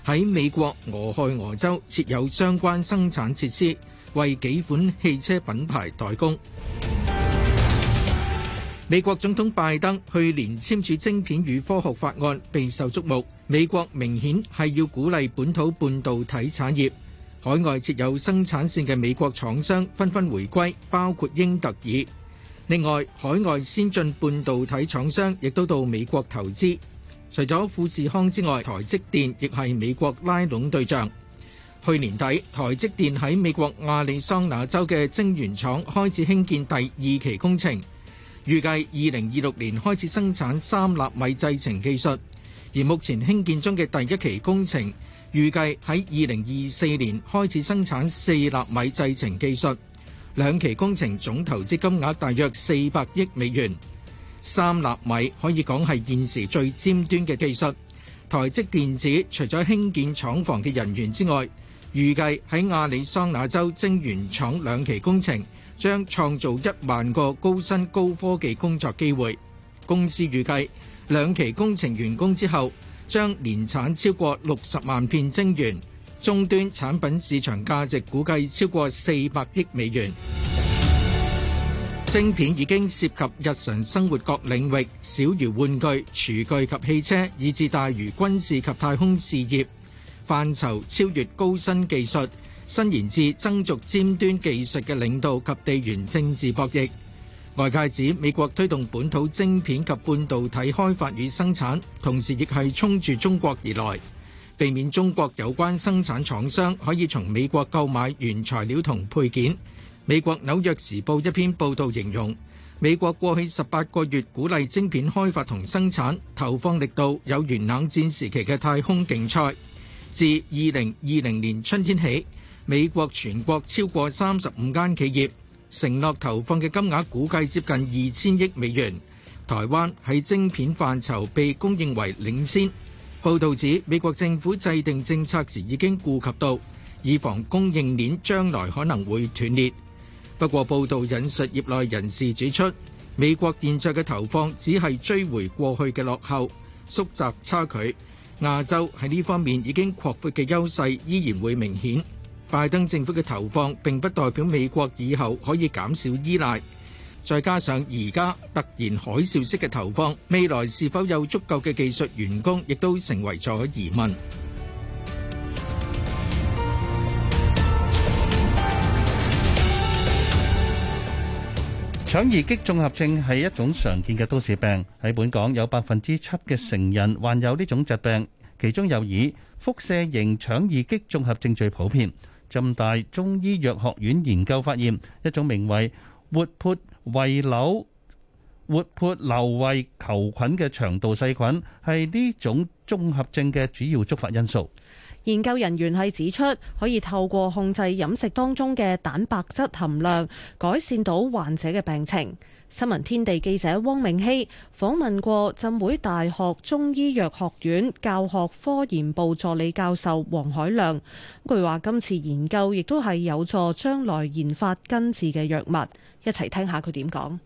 喺美國俄亥俄州設有相關生產設施，為幾款汽車品牌代工。美國總統拜登去年簽署《晶片與科學法案》，備受矚目。美國明顯係要鼓勵本土半導體產業。海外設有生產線嘅美國廠商紛紛回歸，包括英特爾。另外，海外先進半導體廠商亦都到美國投資。除咗富士康之外，台積電亦係美國拉攏對象。去年底，台積電喺美國亞利桑那州嘅晶圓廠開始興建第二期工程。預計二零二六年開始生產三納米製程技術，而目前興建中嘅第一期工程，預計喺二零二四年開始生產四納米製程技術。兩期工程總投資金額大約四百億美元。三納米可以講係現時最尖端嘅技術。台積電子除咗興建廠房嘅人員之外，預計喺亞利桑那州晶圓廠兩期工程，將創造一萬個高薪高科技工作機會。公司預計兩期工程完工之後，將年產超過六十萬片晶圓，終端產品市場價值估計超過四百億美元。晶片已經涉及日常生活各領域，小如玩具、廚具及汽車，以至大如軍事及太空事業範疇，超越高新技術。新研製增續尖端技術嘅領導及地緣政治博弈，外界指美國推動本土晶片及半導體開發與生產，同時亦係衝住中國而來，避免中國有關生產廠商可以從美國購買原材料同配件。美國《紐約時報》一篇報導形容，美國過去十八個月鼓勵晶片開發同生產，投放力度有原冷戰時期嘅太空競賽。自二零二零年春天起，美國全國超過三十五間企業承諾投放嘅金額估計接近二千億美元。台灣喺晶片範疇被公認為領先。報道指，美國政府制定政策時已經顧及到，以防供應鏈將來可能會斷裂。不過報道引述業內人士指出，美國現在嘅投放只係追回過去嘅落後縮窄差距。亞洲喺呢方面已經擴闊嘅優勢依然會明顯。拜登政府嘅投放並不代表美國以後可以減少依賴。再加上而家突然海嘯式嘅投放，未來是否有足夠嘅技術員工，亦都成為咗疑問。腸易激綜合症係一種常見嘅都市病，喺本港有百分之七嘅成人患有呢種疾病，其中又以腹瀉型腸易激綜合症最普遍。浸大中醫藥學院研究發現，一種名為活潑胃瘤、活潑瘤胃球菌嘅腸道細菌，係呢種綜合症嘅主要觸發因素。研究人員係指出，可以透過控制飲食當中嘅蛋白質含量，改善到患者嘅病情。新聞天地記者汪明希訪問過浸會大學中醫藥學院教學科研部助理教授黃海亮，佢話：今次研究亦都係有助將來研發根治嘅藥物。一齊聽下佢點講。誒、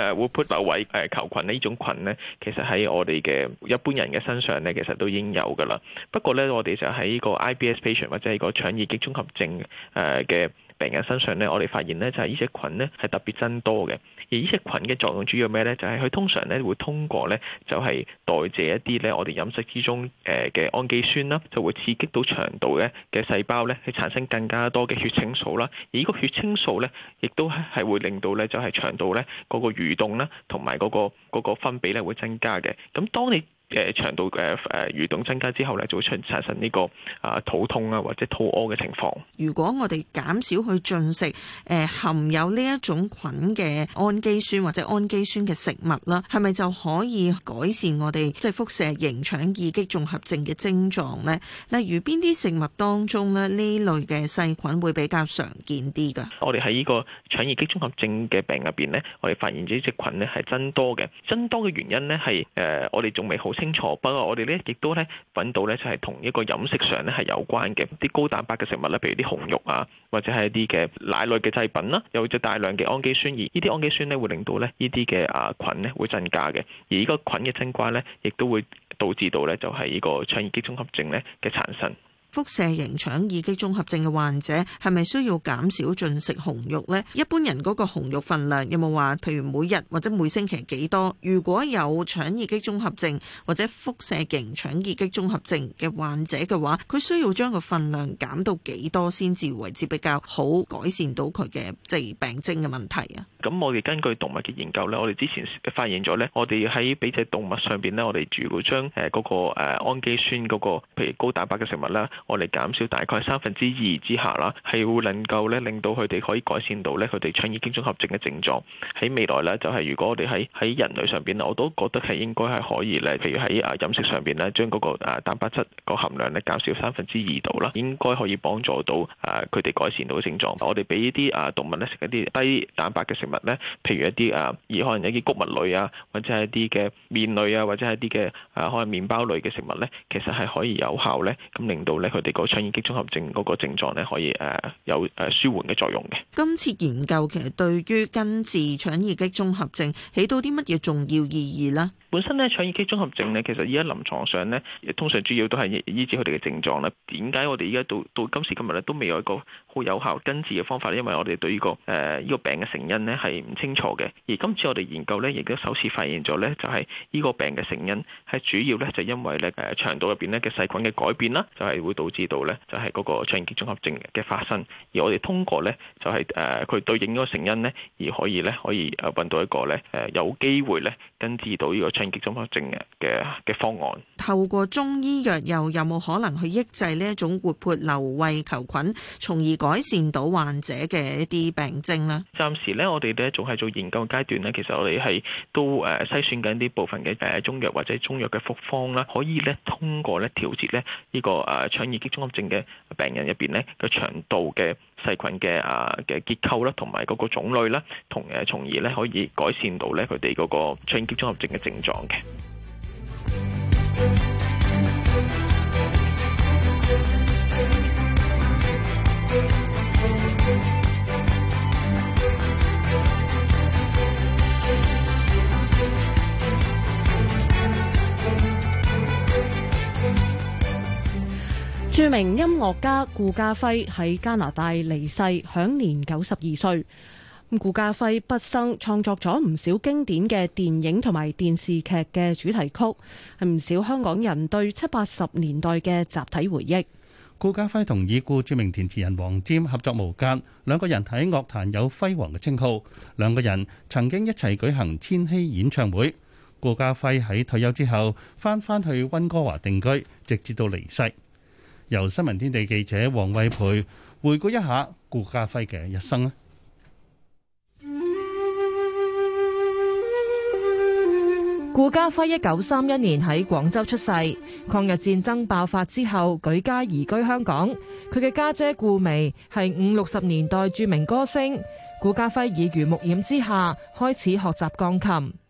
呃，會 p u 位誒球菌咧？呢、呃、種菌呢？其實喺我哋嘅一般人嘅身上呢，其實都已經有噶啦。不過呢，我哋就喺呢個 I B S patient 或者係個腸易激綜合症誒嘅病人身上呢，我哋發現呢，就係、群呢隻菌呢係特別增多嘅。而呢一群嘅作用主要咩咧？就係、是、佢通常咧會通過咧，就係代謝一啲咧我哋飲食之中誒嘅氨基酸啦，就會刺激到腸道嘅嘅細胞咧去產生更加多嘅血清素啦。而呢個血清素咧，亦都係會令到咧就係腸道咧嗰個蠕動啦，同埋嗰個嗰個分泌咧會增加嘅。咁當你嘅腸道嘅誒蠕動增加之後咧，就會出產生呢個啊肚痛啊或者肚屙嘅情況。如果我哋減少去進食誒含有呢一種菌嘅氨基酸或者氨基酸嘅食物啦，係咪就可以改善我哋即係腹瀉型腸易激綜合症嘅症狀呢？例如邊啲食物當中咧呢類嘅細菌會比較常見啲㗎？我哋喺呢個腸易激綜合症嘅病入邊呢，我哋發現呢隻菌咧係增多嘅，增多嘅原因呢係誒我哋仲未好清楚，不過我哋咧亦都咧揾到咧，就係同一個飲食上咧係有關嘅，啲高蛋白嘅食物咧，譬如啲紅肉啊，或者係一啲嘅奶類嘅製品啦，又有咗大量嘅氨基酸。而呢啲氨基酸咧會令到咧呢啲嘅啊菌咧會增加嘅，而呢個菌嘅增加咧，亦都會導致到咧就係呢個腸易激綜合症咧嘅產生。輻射型腸易激綜合症嘅患者係咪需要減少進食紅肉呢？一般人嗰個紅肉分量有冇話，譬如每日或者每星期幾多？如果有腸易激綜合症或者輻射型腸易激綜合症嘅患者嘅話，佢需要將個分量減到幾多先至為之比較好，改善到佢嘅即係病徵嘅問題啊？咁我哋根據動物嘅研究呢，我哋之前發現咗呢，我哋喺俾隻動物上邊呢，我哋主要將誒嗰個誒氨基酸嗰個，譬如高蛋白嘅食物啦。我哋減少大概三分之二之下啦，係會能夠咧令到佢哋可以改善到咧佢哋腸易激綜合症嘅症狀。喺未來咧就係如果我哋喺喺人類上邊我都覺得係應該係可以咧。譬如喺啊飲食上邊咧，將嗰個啊蛋白質個含量咧減少三分之二度啦，應該可以幫助到啊佢哋改善到症狀。我哋俾啲啊動物咧食一啲低蛋白嘅食物咧，譬如一啲啊而可能一啲穀物類啊，或者一啲嘅麵類啊，或者一啲嘅啊可能麵包類嘅食物咧，其實係可以有效咧，咁令到咧。佢哋個腸易激綜合症嗰個症狀咧，可以誒有誒舒緩嘅作用嘅。今次研究其實對於根治腸易激綜合症起到啲乜嘢重要意義呢？本身咧，腸易激綜合症咧，其實依家臨床上咧，通常主要都係醫治佢哋嘅症狀啦。點解我哋依家到到今時今日咧都未有一個好有效根治嘅方法咧？因為我哋對呢、呢個誒呢、呃呢個病嘅成因咧係唔清楚嘅。而今次我哋研究咧，亦都首次發現咗咧，就係、係、呢個病嘅成因係主要咧就係、因為咧誒、呃、腸道入邊咧嘅細菌嘅改變啦，就係、係、會導致到咧就係、係、嗰個腸易激綜合症嘅發生。而我哋通過咧就係誒佢對應嗰個成因咧，而可以咧可以誒揾到一個咧誒、呃呃、有機會咧。根治到呢個腸易激綜合症嘅嘅方案，透過中醫藥又有冇可能去抑制呢一種活潑流胃球菌，從而改善到患者嘅一啲病症咧？暫時呢，我哋呢仲係做研究階段呢。其實我哋係都誒篩選緊啲部分嘅誒中藥或者中藥嘅複方啦，可以咧通過咧調節咧呢個誒腸易激綜合症嘅病人入邊呢個腸道嘅。細菌嘅啊嘅結構啦，同埋嗰個種類啦，同誒，從而咧可以改善到咧佢哋嗰個腸激綜合症嘅症狀嘅。著名音樂家顧嘉輝喺加拿大離世，享年九十二歲。咁顧嘉輝畢生創作咗唔少經典嘅電影同埋電視劇嘅主題曲，係唔少香港人對七八十年代嘅集體回憶。顧嘉輝同已故著名填詞人黃霑合作無間，兩個人喺樂壇有輝煌嘅稱號。兩個人曾經一齊舉行千禧演唱會。顧嘉輝喺退休之後翻返去溫哥華定居，直至到離世。由新聞天地記者王偉培回顧一下顧嘉煇嘅一生。顧嘉煇一九三一年喺廣州出世，抗日戰爭爆發之後舉家移居香港。佢嘅家姐顧媚係五六十年代著名歌星。顧嘉煇耳濡目染之下，開始學習鋼琴。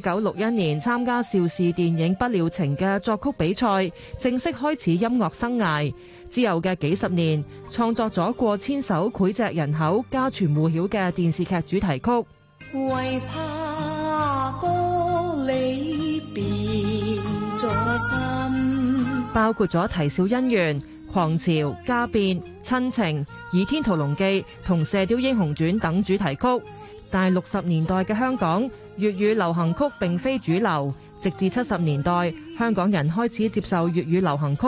1961年參加邵氏電影《不了情》嘅作曲比賽，正式開始音樂生涯。之後嘅幾十年，創作咗過千首膾炙人口、家傳戶曉嘅電視劇主題曲為怕哥你變咗心，朝鮮，包括咗啼笑姻緣、狂潮、家變、親情、倚天屠龍記、同射雕英雄傳等主題曲，大60年代嘅香港粵語流行曲並非主流，直至七十年代，香港人開始接受粵語流行曲。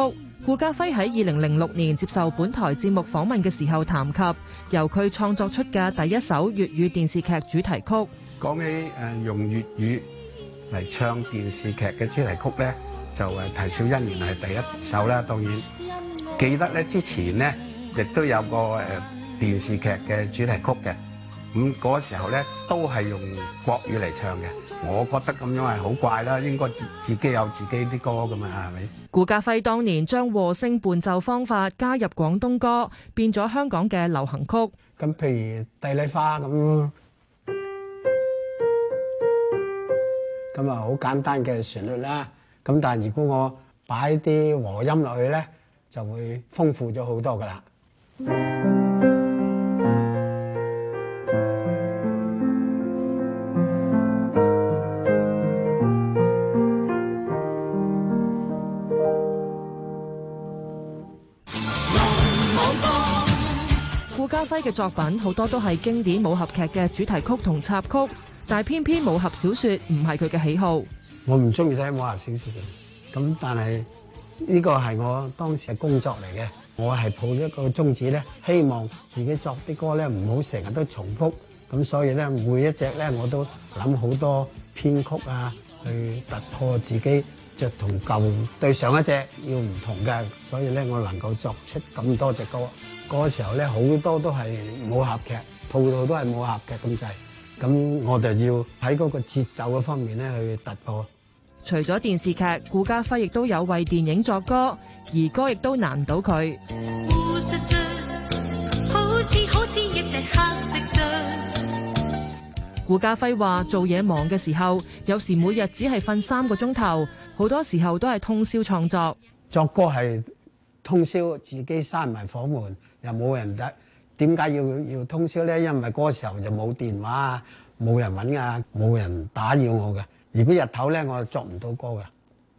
顧嘉輝喺二零零六年接受本台節目訪問嘅時候，談及由佢創作出嘅第一首粵語電視劇主題曲。講起誒、呃、用粵語嚟唱電視劇嘅主題曲咧，就誒《啼笑因緣》係第一首啦。當然記得咧之前呢，亦都有個誒電視劇嘅主題曲嘅。咁嗰時候咧，都係用國語嚟唱嘅。我覺得咁樣係好怪啦，應該自自己有自己啲歌㗎嘛，係咪？顧嘉輝當年將和聲伴奏方法加入廣東歌，變咗香港嘅流行曲。咁譬如《帝利花》咁，咁啊好簡單嘅旋律啦。咁但係如果我擺啲和音落去咧，就會豐富咗好多噶啦。輝嘅作品好多都係經典武俠劇嘅主題曲同插曲，但係偏偏武俠小說唔係佢嘅喜好。我唔中意睇武俠小說嘅，咁但係呢個係我當時嘅工作嚟嘅。我係抱一個宗旨咧，希望自己作啲歌咧唔好成日都重複，咁所以咧每一隻咧我都諗好多編曲啊，去突破自己。就同舊對上一隻要唔同嘅，所以咧我能夠作出咁多隻歌。嗰時候咧好多都係武俠劇，套套都係武俠劇咁滯。咁我就要喺嗰個節奏嘅方面咧去突破。除咗電視劇，顧嘉輝亦都有為電影作歌，兒歌亦都難唔到佢。顧嘉輝話：做嘢忙嘅時候，有時每日只係瞓三個鐘頭。好多時候都係通宵創作，作歌係通宵，自己閂埋房門又冇人得。點解要要通宵咧？因為嗰時候就冇電話啊，冇人揾啊，冇人打擾我嘅。如果日頭咧，我作唔到歌嘅。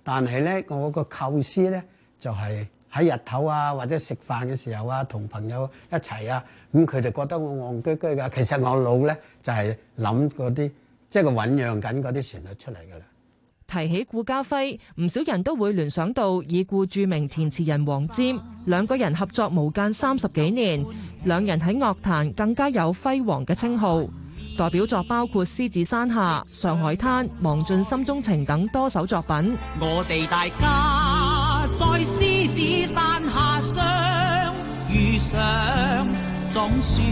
但係咧，我個構思咧就係喺日頭啊，或者食飯嘅時候啊，同朋友一齊啊，咁佢哋覺得我戇居居嘅。其實我腦咧就係諗嗰啲，即係個醖釀緊嗰啲旋律出嚟嘅啦。提起顧嘉煇，唔少人都會聯想到已故著名填詞人黃霑，兩個人合作無間三十幾年，兩人喺樂壇更加有輝煌嘅稱號，代表作包括《獅子山下》《上海灘》《忘盡心中情》等多首作品。我哋大家在獅子山下相遇上，上總算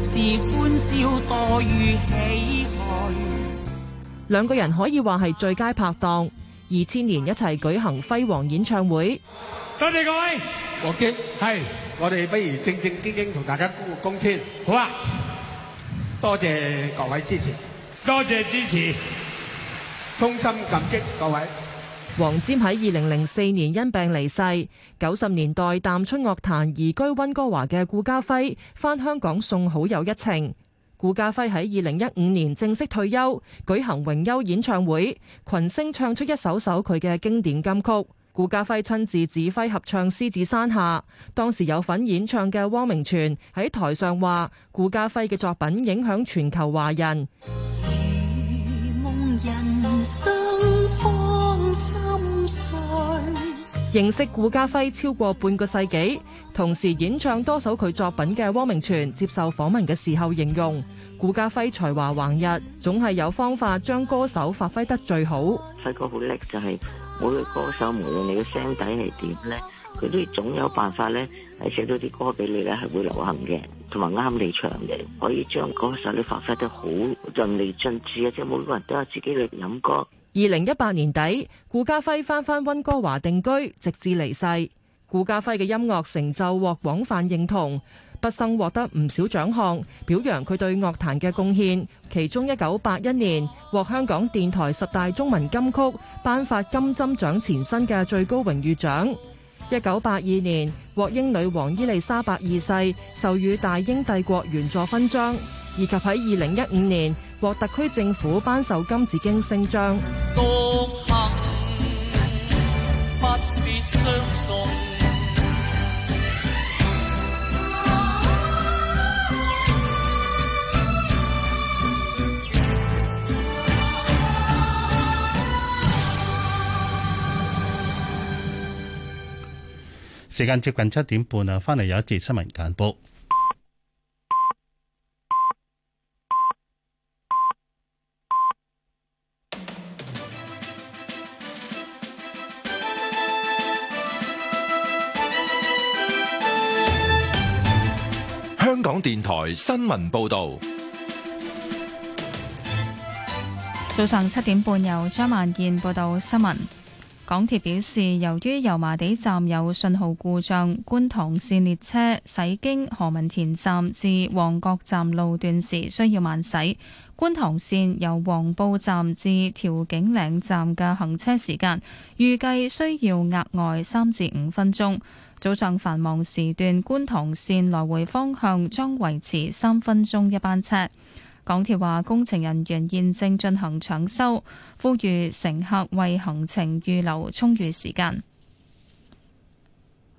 是歡笑多於唏噓。兩個人可以話係最佳拍檔，二千年一齊舉行輝煌演唱會。多謝各位，黃霑晶係是我哋不如正正經經同大家鞠個躬先。好啊，多謝各位支持，多謝支持，衷心感激各位。黃霑喺二零零四年因病離世。九十年代淡出樂壇，移居溫哥華嘅顧嘉輝返香港送好友一程。顧嘉輝喺二零一五年正式退休，舉行榮休演唱會，群星唱出一首首佢嘅經典金曲。顧嘉輝親自指揮合唱《獅子山下》，當時有份演唱嘅汪明荃喺台上話：顧嘉輝嘅作品影響全球華人。認識顧嘉輝超過半個世紀，同時演唱多首佢作品嘅汪明荃接受訪問嘅時候形容：顧嘉輝才華橫溢，總係有方法將歌手發揮得最好。細、就是、個好叻就係，每個歌手無論你嘅聲底係點咧，佢都總有辦法咧。係寫到啲歌俾你咧，係會流行嘅，同埋啱你唱嘅，可以將歌手啲發揮得好淋漓盡致啊！即係每個人都有自己嘅感覺。二零一八年底，顧嘉煇翻返溫哥華定居，直至離世。顧嘉煇嘅音樂成就獲廣泛認同，畢生獲得唔少獎項，表揚佢對樂壇嘅貢獻。其中一九八一年獲香港電台十大中文金曲頒發金針獎前身嘅最高榮譽獎。一九八二年獲英女王伊麗莎白二世授予大英帝國員佐勳章，以及喺二零一五年獲特區政府頒授金紫荊星章。時間接近七點半啦，翻嚟有一節新聞簡報。香港電台新聞報道，早上七點半由張曼燕報道新聞。港鐵表示，由於油麻地站有信號故障，觀塘線列車駛經何文田站至旺角站路段時需要慢駛。觀塘線由黃埔站至調景嶺站嘅行車時間，預計需要額外三至五分鐘。早上繁忙時段，觀塘線來回方向將維持三分鐘一班車。港鐵話工程人員現正進行搶修，呼籲乘客為行程預留充裕時間。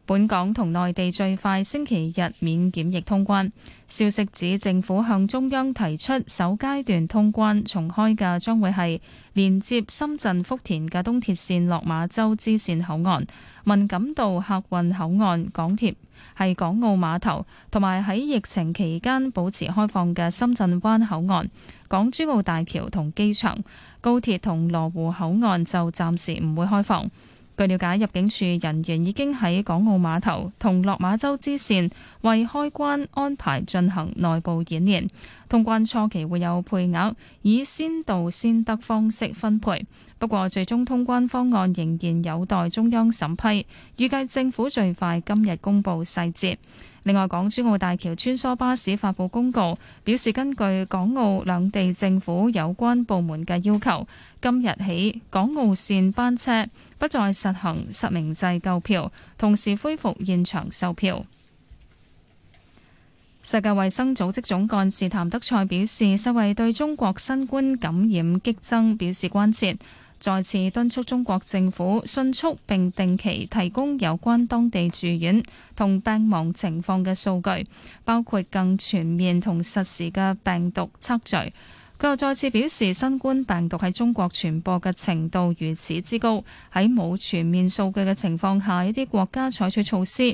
本港同內地最快星期日免檢疫通關。消息指政府向中央提出首階段通關重開嘅將會係連接深圳福田嘅東鐵綫落馬洲支綫口岸。文錦渡客運口岸、港鐵係港澳碼頭，同埋喺疫情期間保持開放嘅深圳灣口岸、港珠澳大橋同機場，高鐵同羅湖口岸就暫時唔會開放。據了解，入境處人員已經喺港澳碼頭同落馬洲支線為開關安排進行內部演練，通關初期會有配額，以先到先得方式分配。不過，最終通關方案仍然有待中央審批，預計政府最快今日公布細節。另外，港珠澳大橋穿梭巴士發布公告，表示根據港澳兩地政府有關部門嘅要求，今日起港澳線班車不再實行實名制購票，同時恢復現場售票。世界衛生組織總幹事譚德塞表示，世衛對中國新冠感染激增表示關切。再次敦促中國政府迅速并定期提供有關當地住院同病亡情況嘅數據，包括更全面同實時嘅病毒測序。佢又再次表示，新冠病毒喺中國傳播嘅程度如此之高，喺冇全面數據嘅情況下，一啲國家採取措施，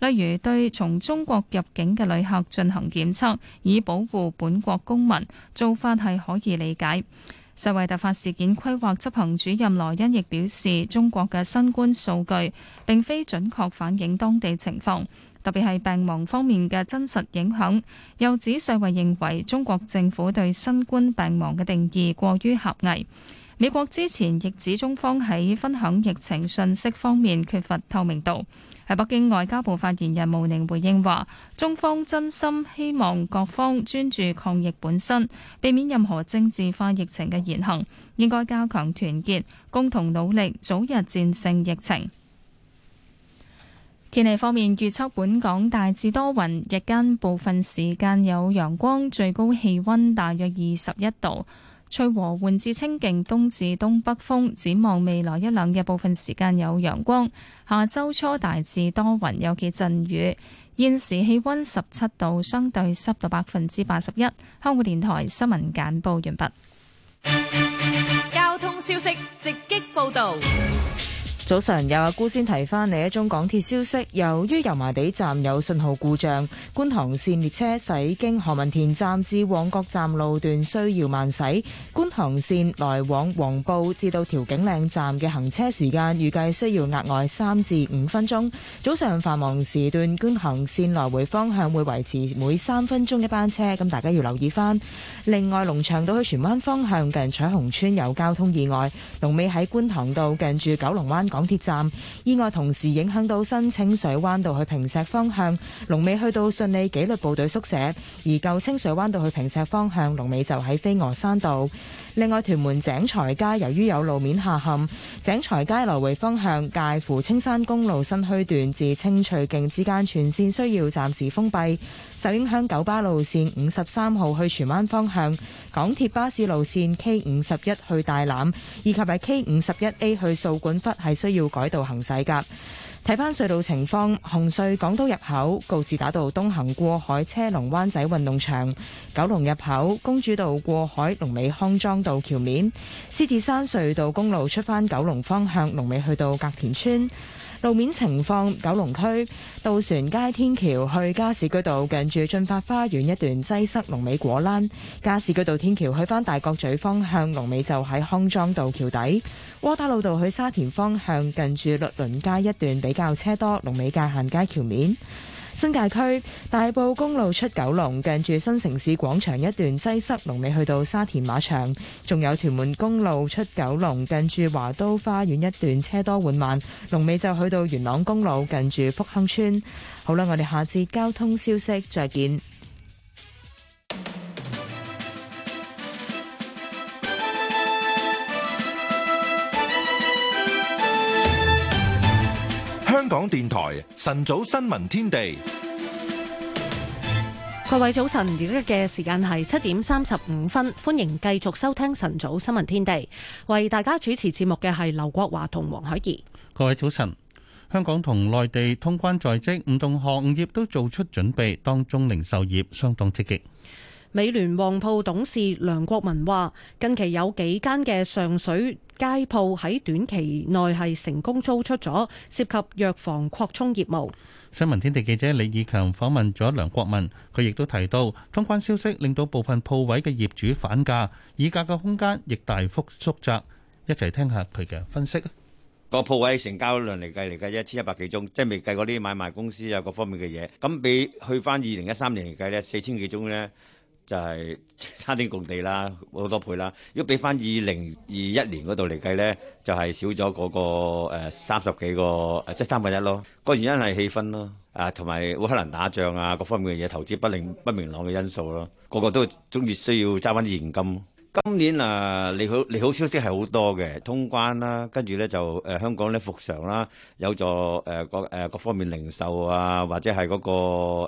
例如對從中國入境嘅旅客進行檢測，以保護本國公民，做法係可以理解。世衛突發事件規劃執行主任羅恩亦表示，中國嘅新冠數據並非準確反映當地情況，特別係病亡方面嘅真實影響。又指世衛認為中國政府對新冠病亡嘅定義過於狹隘。美國之前亦指中方喺分享疫情信息方面缺乏透明度。喺北京外交部發言人毛寧回應話，中方真心希望各方專注抗疫本身，避免任何政治化疫情嘅言行，應該加強團結，共同努力，早日戰勝疫情。天氣方面，預測本港大致多雲，日間部分時間有陽光，最高氣溫大約二十一度。翠和緩至清勁，東至東北風。展望未來一兩日部分時間有陽光。下周初大致多雲，有幾陣雨。現時氣温十七度，相對濕度百分之八十一。香港電台新聞簡報完畢。交通消息直擊報道。早晨，有阿姑先提翻另一宗港鐵消息。由於油麻地站有信號故障，觀塘線列車駛經何文田站至旺角站路段需要慢駛，觀塘線來往黃埔至到調景嶺站嘅行車時間預計需要額外三至五分鐘。早上繁忙時段，觀塘線來回方向會維持每三分鐘一班車，咁大家要留意翻。另外，龍翔道去荃灣方向近彩虹村有交通意外，龍尾喺觀塘道近住九龍灣。港鐵站意外同時影響到新清水灣道去坪石方向，龍尾去到順利紀律部隊宿舍；而舊清水灣道去坪石方向，龍尾就喺飛鵝山道。另外，屯門井財街由於有路面下陷，井財街來回方向介乎青山公路新墟段至青翠徑之間，全線需要暫時封閉，受影響九巴路線53號去荃灣方向、港鐵巴士路線 K51 去大欖，以及係 K51A 去掃管笏係需要改道行駛㗎。睇翻隧道情況，紅隧港島入口告士打道東行過海車龍，灣仔運動場、九龍入口公主道過海龍尾康莊道橋面，獅子山隧道公路出返九龍方向龍尾去到隔田村。路面情況，九龍區渡船街天橋去加士居道，近住進發花園一段擠塞，龍尾果欄；加士居道天橋去翻大角咀方向，龍尾就喺康莊道橋底；窩打老道去沙田方向，近住律倫街一段比較車多，龍尾界限街橋面。新界區大埔公路出九龍，近住新城市廣場一段擠塞，龍尾去到沙田馬場；仲有屯門公路出九龍，近住華都花園一段車多緩慢，龍尾就去到元朗公路，近住福亨村。好啦，我哋下節交通消息，再見。港電台晨早新聞天地，各位早晨，而家嘅時間係七點三十五分，歡迎繼續收聽晨早新聞天地。為大家主持節目嘅係劉國華同黃海怡。各位早晨，香港同內地通關在即，唔同行業都做出準備，當中零售業相當積極。美聯旺鋪董事梁國文話：近期有幾間嘅上水街鋪喺短期內係成功租出咗，涉及藥房擴充業務。新聞天地記者李以強訪問咗梁國文，佢亦都提到通關消息令到部分鋪位嘅業主反價，以價嘅空間亦大幅縮窄。一齊聽下佢嘅分析啊！個鋪位成交量嚟計嚟計一千一百幾宗，即係未計嗰啲買賣公司啊，各方面嘅嘢。咁比去翻二零一三年嚟計咧，四千幾宗咧。就係差天共地啦，好多倍啦。如果俾翻二零二一年嗰度嚟計咧，就係、是、少咗嗰個三十幾個，即係三分一咯。個原因係氣氛咯，啊同埋烏克蘭打仗啊，各方面嘅嘢投資不明不明朗嘅因素咯。個個都鍾意需要揸翻啲現金。今年啊，利好利好消息係好多嘅，通關啦、啊，跟住咧就誒、呃、香港咧復常啦、啊，有助誒、呃、各誒、呃、各方面零售啊，或者係嗰、那個、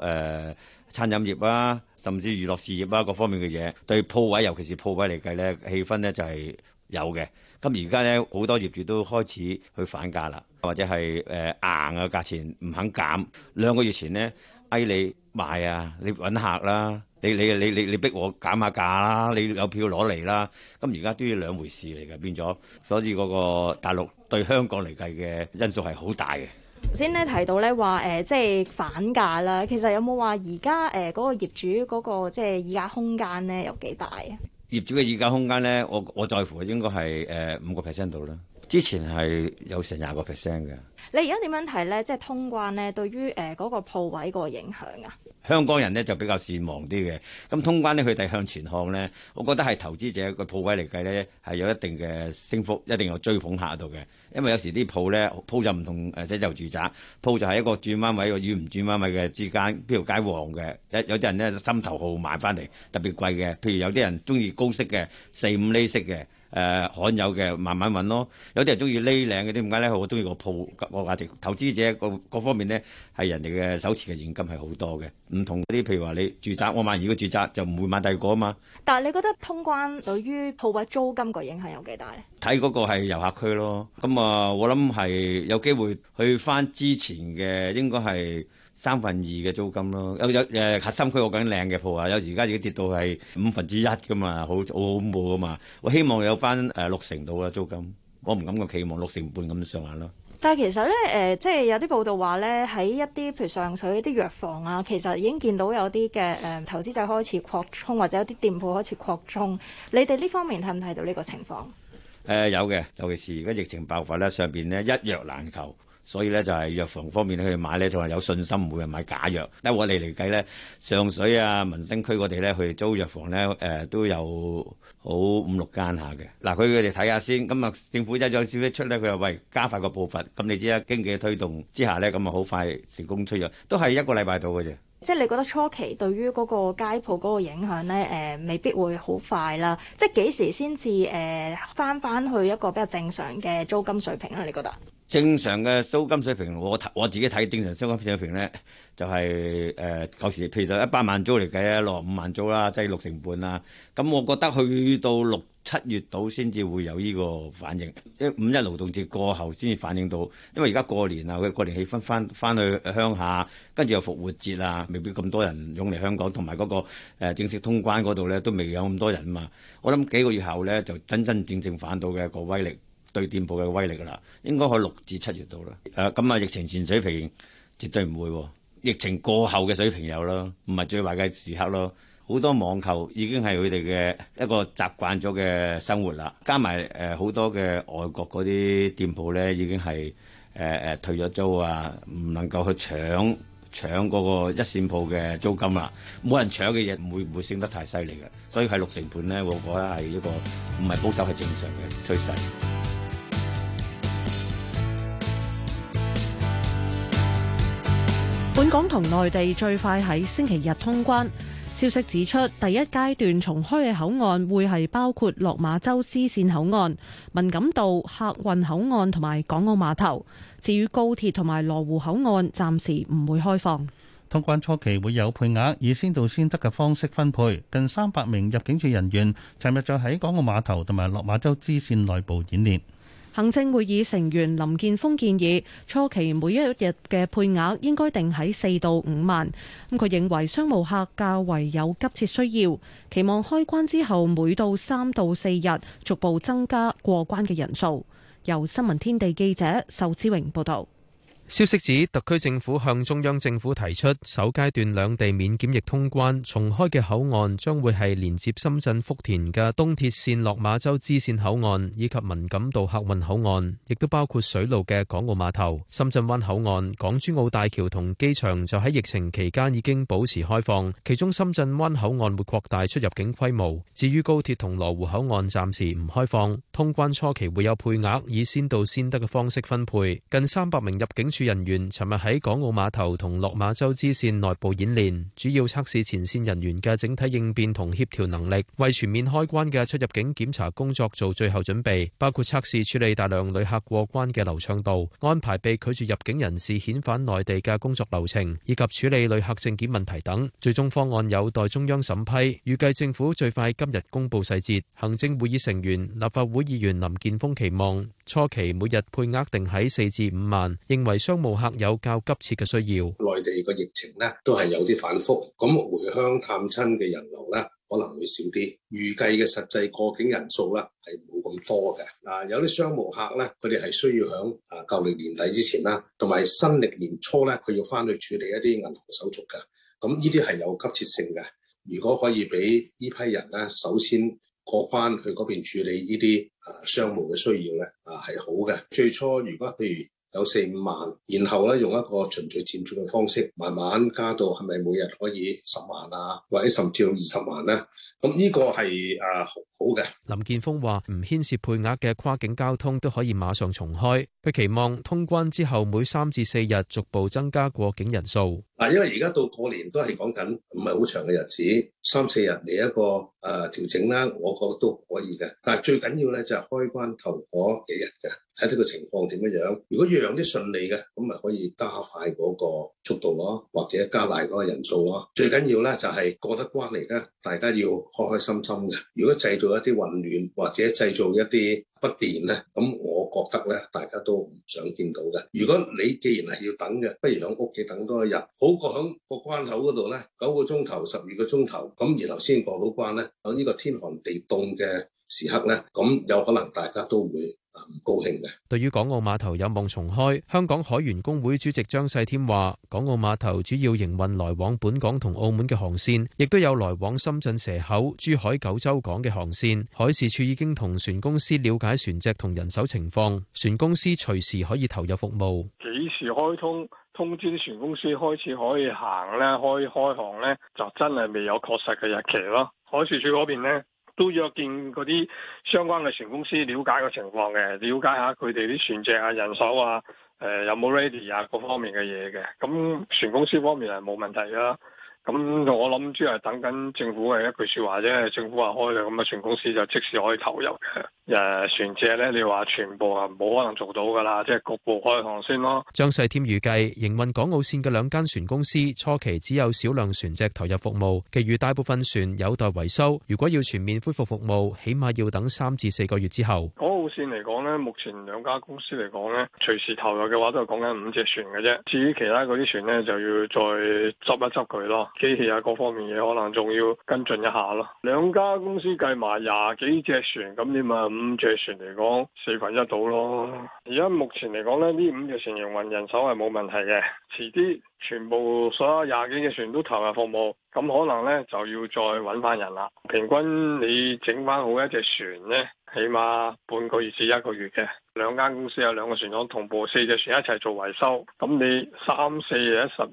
呃餐飲業啊，甚至娛樂事業啊，各方面嘅嘢，對鋪位尤其是鋪位嚟計咧，氣氛咧就係、是、有嘅。咁而家咧好多業主都開始去反價啦，或者係誒、呃、硬嘅價錢唔肯減。兩個月前咧，誒你賣啊，你搵客啦、啊，你你你你你逼我減下價啦、啊，你有票攞嚟啦。咁而家都要兩回事嚟嘅變咗，所以嗰個大陸對香港嚟計嘅因素係好大嘅。頭先咧提到咧話誒，即係反價啦。其實有冇話而家誒嗰個業主嗰、那個即係議價空間咧有幾大啊？業主嘅議價空間咧，我我在乎應該係誒五個 percent 度啦。之前係有成廿個 percent 嘅。你而家點樣睇咧？即係通關咧，對於誒嗰、呃那個鋪位個影響啊？香港人咧就比較善忘啲嘅，咁通關咧佢哋向前看咧，我覺得係投資者個鋪位嚟計咧係有一定嘅升幅，一定有追捧下度嘅。因為有時啲鋪咧鋪就唔同誒，即就住宅鋪就係一個轉彎位，一個與轉唔轉彎位嘅之間，邊條街旺嘅，有有啲人咧心頭好買翻嚟，特別貴嘅。譬如有啲人中意高息嘅，四五厘息嘅。誒、呃、罕有嘅，慢慢揾咯。有啲人中意呢領啲點解咧？好中意個鋪個價值，投資者個各，各方面咧，係人哋嘅手持嘅現金係好多嘅。唔同嗰啲，譬如話你住宅，我買而個住宅就唔會買第二個啊嘛。但係你覺得通關對於鋪位租金個影響有幾大咧？睇嗰個係遊客區咯。咁啊，我諗係有機會去翻之前嘅，應該係。三分二嘅租金咯，有有誒核心區我緊靚嘅鋪啊，有時而家已經跌到係五分之一噶嘛，好好恐怖噶嘛。我希望有翻誒六成到嘅租金，我唔敢個期望六成半咁上下咯。但係其實咧誒、呃，即係有啲報道話咧，喺一啲譬如上水啲藥房啊，其實已經見到有啲嘅誒投資者開始擴充，或者有啲店鋪開,開始擴充。你哋呢方面睇唔睇到呢個情況？誒、呃、有嘅，尤其是而家疫情爆發咧，上邊呢一藥難求。所以咧就係藥房方面去買咧，就係有信心唔會買假藥。但我哋嚟計咧，上水啊、民生區我哋咧去租藥房咧，誒、呃、都有好五六間下嘅。嗱，佢佢哋睇下先看看。咁啊，政府一有消息出咧，佢又喂加快個步伐。咁你知啦，經濟嘅推動之下咧，咁啊好快成功出藥，都係一個禮拜到嘅啫。即係你覺得初期對於嗰個街鋪嗰個影響咧，誒、呃、未必會好快啦。即係幾時先至誒翻翻去一個比較正常嘅租金水平咧、啊？你覺得？正常嘅租金水平，我睇我自己睇正常租金水平咧，就係誒舊時，譬如就一百萬租嚟計啊，落五萬租啦，即係六成半啦。咁、嗯、我覺得去到六七月度先至會有呢個反應，一五一勞動節過後先至反應到，因為而家過年啊，佢過年氣氛翻翻去鄉下，跟住又復活節啊，未必咁多人湧嚟香港，同埋嗰個正式通關嗰度咧都未有咁多人啊嘛。我諗幾個月後咧就真真正正，正反到嘅個威力。對店鋪嘅威力噶啦，應該可六至七月度啦。誒咁啊，疫情前水平絕對唔會喎、啊。疫情過後嘅水平有啦，唔係最壞嘅時刻咯。好多網購已經係佢哋嘅一個習慣咗嘅生活啦。加埋誒好多嘅外國嗰啲店鋪咧，已經係誒誒退咗租啊，唔能夠去搶搶嗰個一線鋪嘅租金啦。冇人搶嘅嘢唔會唔會升得太犀利嘅，所以係六成半咧，我覺得係一個唔係保守係正常嘅趨勢。香港同內地最快喺星期日通關。消息指出，第一階段重開嘅口岸會係包括落馬洲支線口岸、文錦道客運口岸同埋港澳碼頭。至於高鐵同埋羅湖口岸，暫時唔會開放。通關初期會有配額，以先到先得嘅方式分配。近三百名入境處人員尋日就喺港澳碼頭同埋落馬洲支線內部演練。行政會議成員林健鋒建議，初期每一日嘅配額應該定喺四到五萬。咁佢認為商務客較為有急切需要，期望開關之後每到三到四日逐步增加過關嘅人數。由新聞天地記者仇之榮報道。消息指，特區政府向中央政府提出首階段兩地免檢疫通關重開嘅口岸，將會係連接深圳福田嘅東鐵綫落馬洲支綫口岸以及文錦渡客運口岸，亦都包括水路嘅港澳碼頭、深圳灣口岸、港珠澳大橋同機場。就喺疫情期間已經保持開放，其中深圳灣口岸會擴大出入境規模。至於高鐵同羅湖口岸暫時唔開放，通關初期會有配額，以先到先得嘅方式分配，近三百名入境。人員尋日喺港澳碼頭同落馬洲支線內部演練，主要測試前線人員嘅整體應變同協調能力，為全面開關嘅出入境檢查工作做最後準備，包括測試處理大量旅客過關嘅流暢度，安排被拒絕入境人士遣返內地嘅工作流程，以及處理旅客證件問題等。最終方案有待中央審批，預計政府最快今日公布細節。行政會議成員、立法會議員林健鋒期望，初期每日配額定喺四至五萬，認為商務客有較急切嘅需要。內地個疫情咧都係有啲反覆，咁回鄉探親嘅人流咧可能會少啲。預計嘅實際過境人數咧係冇咁多嘅。嗱，有啲商務客咧，佢哋係需要喺啊舊年年底之前啦，同埋新歷年初咧，佢要翻去處理一啲銀行手續嘅。咁呢啲係有急切性嘅。如果可以俾呢批人咧，首先過關去嗰邊處理呢啲。商務嘅需要咧，啊係好嘅。最初如果譬如有四五萬，然後咧用一個循序漸進嘅方式，慢慢加到係咪每日可以十萬啊，或者甚至到二十萬咧？咁呢個係誒好嘅。林健鋒話唔牽涉配額嘅跨境交通都可以馬上重開，佢期望通關之後每三至四日逐步增加過境人數。嗱，因為而家到過年都係講緊，唔係好長嘅日子，三四日嚟一個誒調整啦，我覺得都可以嘅。但係最緊要咧就係開關頭嗰幾日嘅，睇睇個情況點樣樣。如果樣啲順利嘅，咁咪可以加快嗰個速度咯，或者加大嗰個人數咯。最緊要咧就係過得關嚟咧，大家要開開心心嘅。如果製造一啲混亂或者製造一啲，不變呢，咁我覺得呢，大家都唔想見到嘅。如果你既然係要等嘅，不如喺屋企等多一日，好過喺個關口嗰度呢，九個鐘頭、十二個鐘頭，咁然後先過到關呢，喺呢個天寒地凍嘅時刻呢，咁有可能大家都會。高興對於港澳碼頭有望重開，香港海員工會主席張世添話：港澳碼頭主要營運來往本港同澳門嘅航線，亦都有來往深圳蛇口、珠海九州港嘅航線。海事處已經同船公司了解船隻同人手情況，船公司隨時可以投入服務。幾時開通通知船公司開始可以行咧，可以開航咧，就真係未有確實嘅日期咯。海事處嗰邊呢？都約見嗰啲相關嘅船公司了解個情況嘅，了解下佢哋啲船隻啊、人手啊、誒、呃、有冇 ready 啊各方面嘅嘢嘅。咁船公司方面係冇問題啦。咁我諗住係等緊政府嘅一句説話啫。政府話開咗，咁啊船公司就即時可以投入嘅。誒、嗯、船隻咧，你話全部啊冇可能做到噶啦，即係局部開航先咯。張世添預計營運港澳線嘅兩間船公司初期只有少量船隻投入服務，其餘大部分船有待維修。如果要全面恢復服務，起碼要等三至四個月之後。港澳線嚟講咧，目前兩家公司嚟講咧，隨時投入嘅話都係講緊五隻船嘅啫。至於其他嗰啲船咧，就要再執一執佢咯，機器啊各方面嘢可能仲要跟進一下咯。兩家公司計埋廿幾隻船，咁你咪。五隻船嚟講，四分一到咯。而家目前嚟講咧，呢五隻船營運人手係冇問題嘅。遲啲全部所有廿幾隻船都投入服務。咁可能咧就要再揾翻人啦。平均你整翻好一隻船咧，起碼半個月至一個月嘅。兩間公司有兩個船廠同步四隻船一齊做維修，咁你三四日一十二，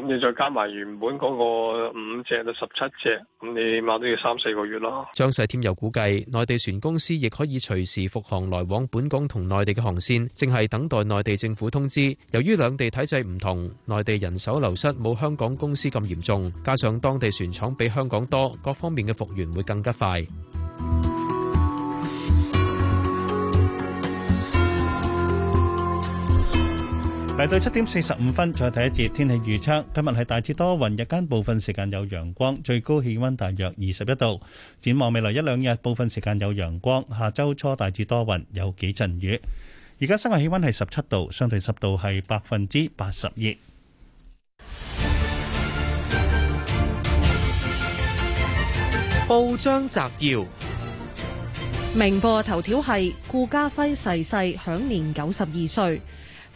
咁你再加埋原本嗰個五隻到十七隻，咁你起碼都要三四個月咯。張世添又估計內地船公司亦可以隨時復航來往本港同內地嘅航線，正係等待內地政府通知。由於兩地體制唔同，內地人手流失冇香港公司咁嚴重，加上。當地船廠比香港多，各方面嘅復原會更加快。嚟到七點四十五分，再睇一節天氣預測。今日係大致多雲，日間部分時間有陽光，最高氣溫大約二十一度。展望未來一兩日，部分時間有陽光，下周初大致多雲，有幾陣雨。而家室外氣溫係十七度，相對濕度係百分之八十二。報章摘要：明報頭條係顧家輝逝世，世，享年九十二歲，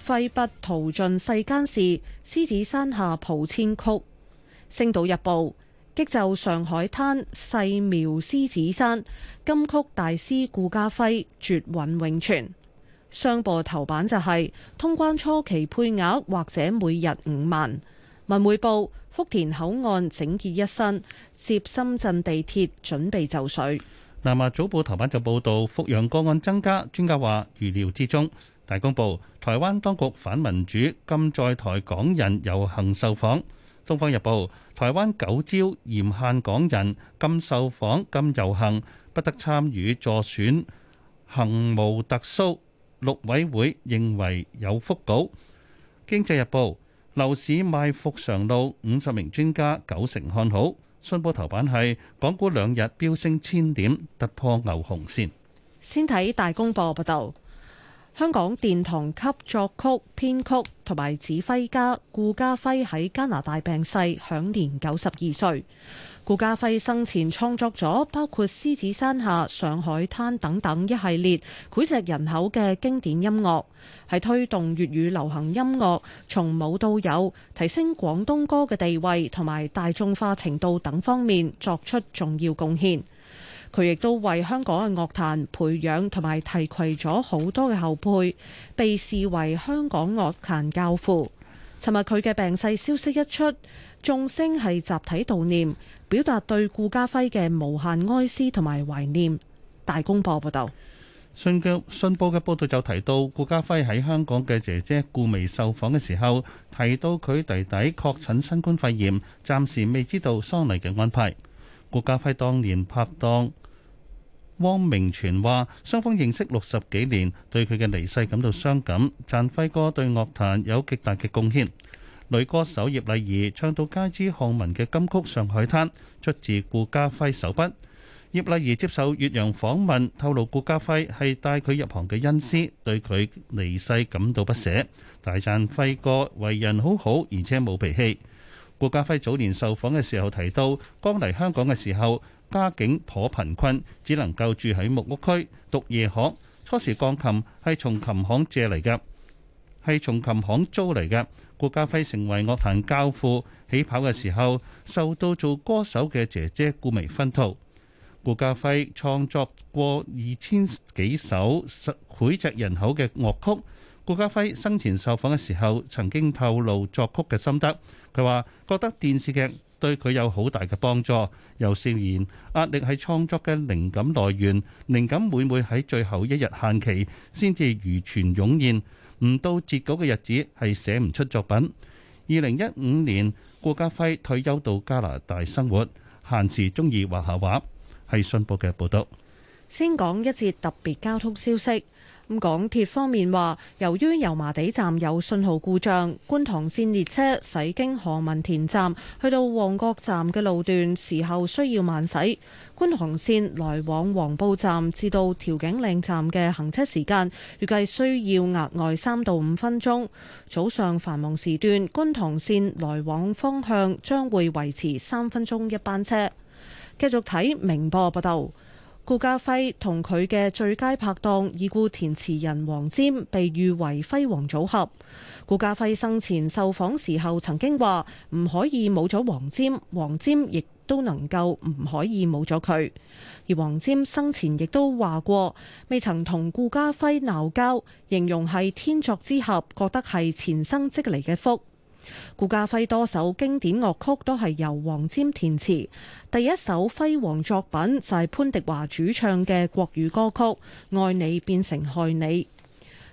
揮筆淘盡世間事，獅子山下譜千曲。星島日報激就上海灘，細描獅子山，金曲大師顧家輝絕韻永存。商報頭版就係、是、通關初期配額，或者每日五萬。文匯報。福田口岸整潔一新，接深圳地鐵，準備就緒。南華早報頭版就報導，復陽個案增加，專家話預料之中。大公報，台灣當局反民主，禁在台港人遊行受訪。東方日報，台灣九朝嚴限港人，禁受訪、禁遊行，不得參與助選，行無特殊。陸委會認為有覆稿。經濟日報。樓市賣復常路，五十名專家九成看好。信報頭版係港股兩日飆升千點，突破牛熊線。先睇大公報報道，香港殿堂級作曲、編曲同埋指揮家顧嘉煇喺加拿大病逝，享年九十二歲。顧嘉輝生前創作咗包括《獅子山下》《上海灘》等等一系列膾炙人口嘅經典音樂，係推動粵語流行音樂從冇到有、提升廣東歌嘅地位同埋大眾化程度等方面作出重要貢獻，佢亦都為香港嘅樂壇培養同埋提攜咗好多嘅後輩，被視為香港樂壇教父。尋日佢嘅病逝消息一出。眾星係集體悼念，表達對顧家輝嘅無限哀思同埋懷念。大公報報道，新交信，信報嘅報道就提到，顧家輝喺香港嘅姐姐顧媚受訪嘅時候，提到佢弟弟確診新冠肺炎，暫時未知道喪禮嘅安排。顧家輝當年拍檔汪明荃話，雙方認識六十幾年，對佢嘅離世感到傷感，讚輝哥對樂壇有極大嘅貢獻。女歌手葉麗儀唱到街知巷聞嘅金曲《上海灘》，出自顧嘉輝手筆。葉麗儀接受越洋訪問，透露顧嘉輝係帶佢入行嘅恩師，對佢離世感到不捨，大讚輝哥為人好好，而且冇脾氣。顧嘉輝早年受訪嘅時候提到，剛嚟香港嘅時候家境頗貧困，只能夠住喺木屋區，讀夜學，初時鋼琴係從琴行借嚟嘅，係從琴行租嚟嘅。顧嘉輝成為樂壇教父，起跑嘅時候受到做歌手嘅姐姐顧媚燻陶。顧嘉輝創作過二千幾首膾炙人口嘅樂曲。顧嘉輝生前受訪嘅時候，曾經透露作曲嘅心得。佢話覺得電視劇對佢有好大嘅幫助，又笑言壓力係創作嘅靈感來源，靈感每每喺最後一日限期先至如泉湧現。唔到截稿嘅日子，係寫唔出作品。二零一五年，顧嘉煇退休到加拿大生活，閒時鍾意畫下畫。係信報嘅報道。先講一節特別交通消息。港鐵方面話，由於油麻地站有信號故障，觀塘線列車駛經何文田站去到旺角站嘅路段時候需要慢駛。觀塘線來往黃埔站至到調景嶺站嘅行車時間預計需要額外三到五分鐘。早上繁忙時段，觀塘線來往方向將會維持三分鐘一班車。繼續睇明報報道。顧嘉輝同佢嘅最佳拍檔已故填詞人黃沾被譽為輝煌組合。顧嘉輝生前受訪時候曾經話唔可以冇咗黃沾，黃沾亦都能夠唔可以冇咗佢。而黃沾生前亦都話過，未曾同顧嘉輝鬧交，形容係天作之合，覺得係前生積嚟嘅福。顧嘉輝多首經典樂曲都係由黃沾填詞，第一首輝煌作品就係潘迪華主唱嘅國語歌曲《愛你變成害你》。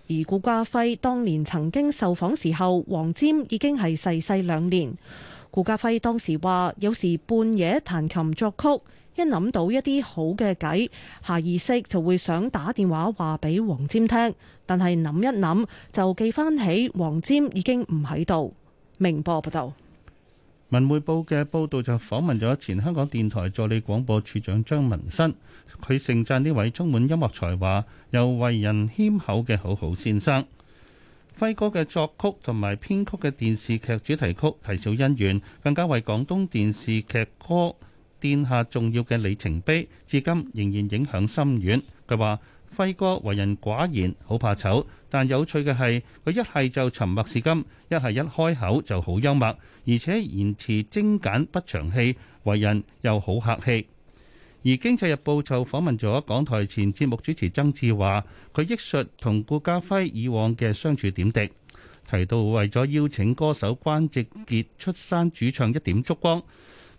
而顧嘉輝當年曾經受訪時候，黃沾已經係逝世兩年。顧嘉輝當時話，有時半夜彈琴作曲，一諗到一啲好嘅計，下意識就會想打電話話俾黃沾聽，但係諗一諗就記翻起黃沾已經唔喺度。明報報道，文匯報嘅報道就訪問咗前香港電台助理廣播處長張文新，佢盛讚呢位充滿音樂才華又為人謙厚嘅好好先生輝哥嘅作曲同埋編曲嘅電視劇主題曲《啼笑姻緣》，更加為廣東電視劇歌奠下重要嘅里程碑，至今仍然影響深遠。佢話。輝哥為人寡言，好怕醜，但有趣嘅係佢一係就沉默是金，一係一開口就好幽默，而且言辭精簡不長氣，為人又好客氣。而《經濟日報》就訪問咗港台前節目主持曾智華，佢憶述同顧嘉輝以往嘅相處點滴，提到為咗邀請歌手關正傑出山主唱《一點燭光》，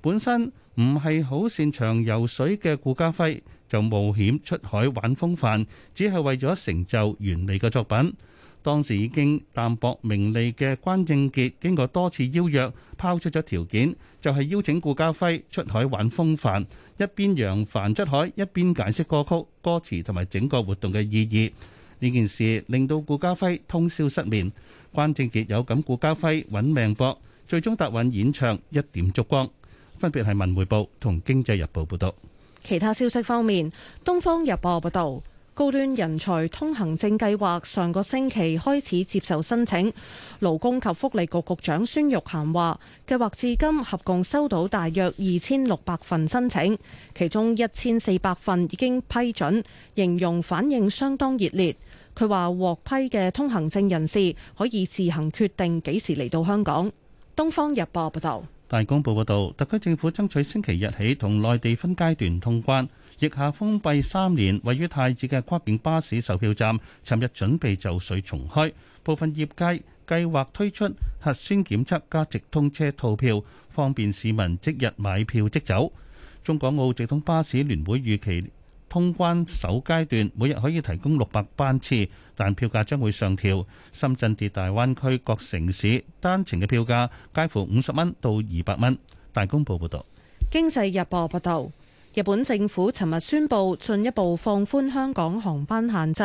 本身唔係好擅長游水嘅顧嘉輝就冒險出海玩風帆，只係為咗成就完美嘅作品。當時已經淡薄名利嘅關正傑，經過多次邀約，拋出咗條件，就係、是、邀請顧嘉輝出海玩風帆，一邊揚帆出海，一邊解釋歌曲歌詞同埋整個活動嘅意義。呢件事令到顧嘉輝通宵失眠，關正傑有感顧嘉輝揾命搏，最終答允演唱《一點燭光》。分別係《文匯報》同《經濟日報》報導。其他消息方面，東方日報報道，高端人才通行證計劃上個星期開始接受申請。勞工及福利局局長孫玉菡話，計劃至今合共收到大約二千六百份申請，其中一千四百份已經批准，形容反應相當熱烈。佢話獲批嘅通行證人士可以自行決定幾時嚟到香港。東方日報報道。大公報報導，特區政府爭取星期日起同內地分階段通關，疫下封閉三年位於太子嘅跨境巴士售票站，尋日準備就緒，重開，部分業界，計劃推出，核酸檢測加直通車套票，方便市民即日買票即走。中港澳直通巴士聯會預期通關首階段，每日可以提供六百班次，但票價將會上調。深圳至大灣區各城市單程嘅票價介乎五十蚊到二百蚊。大公報報導。經濟日報報道。日本政府尋日宣布進一步放寬香港航班限制，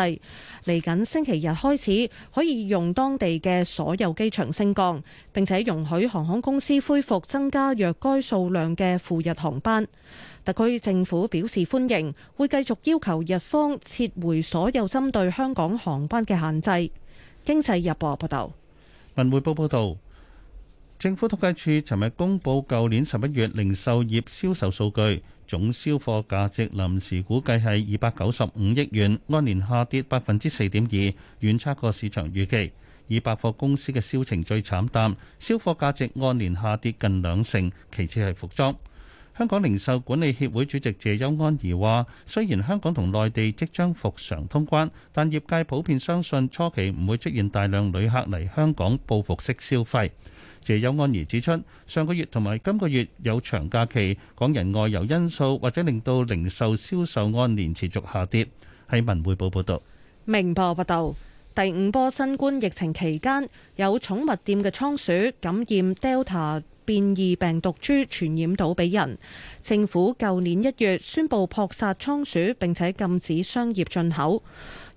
嚟緊星期日開始可以用當地嘅所有機場升降。並且容許航空公司恢復增加約該數量嘅赴日航班。特區政府表示歡迎，會繼續要求日方撤回所有針對香港航班嘅限制。經濟日報報道。文匯報報道，政府統計處尋日公布舊年十一月零售業銷售數據。總銷貨價值臨時估計係二百九十五億元，按年下跌百分之四點二，遠差過市場預期。以百貨公司嘅銷情最慘淡，銷貨價值按年下跌近兩成。其次係服裝。香港零售管理協會主席謝邱安儀話，雖然香港同內地即將復常通關，但業界普遍相信初期唔會出現大量旅客嚟香港報復式消費。謝有安兒指出，上個月同埋今個月有長假期，港人外遊因素或者令到零售銷售按年持續下跌。喺文匯報報道，明報報道，第五波新冠疫情期間，有寵物店嘅倉鼠感染 Delta 變異病毒株，傳染到俾人。政府舊年一月宣布撲殺倉鼠，並且禁止商業進口。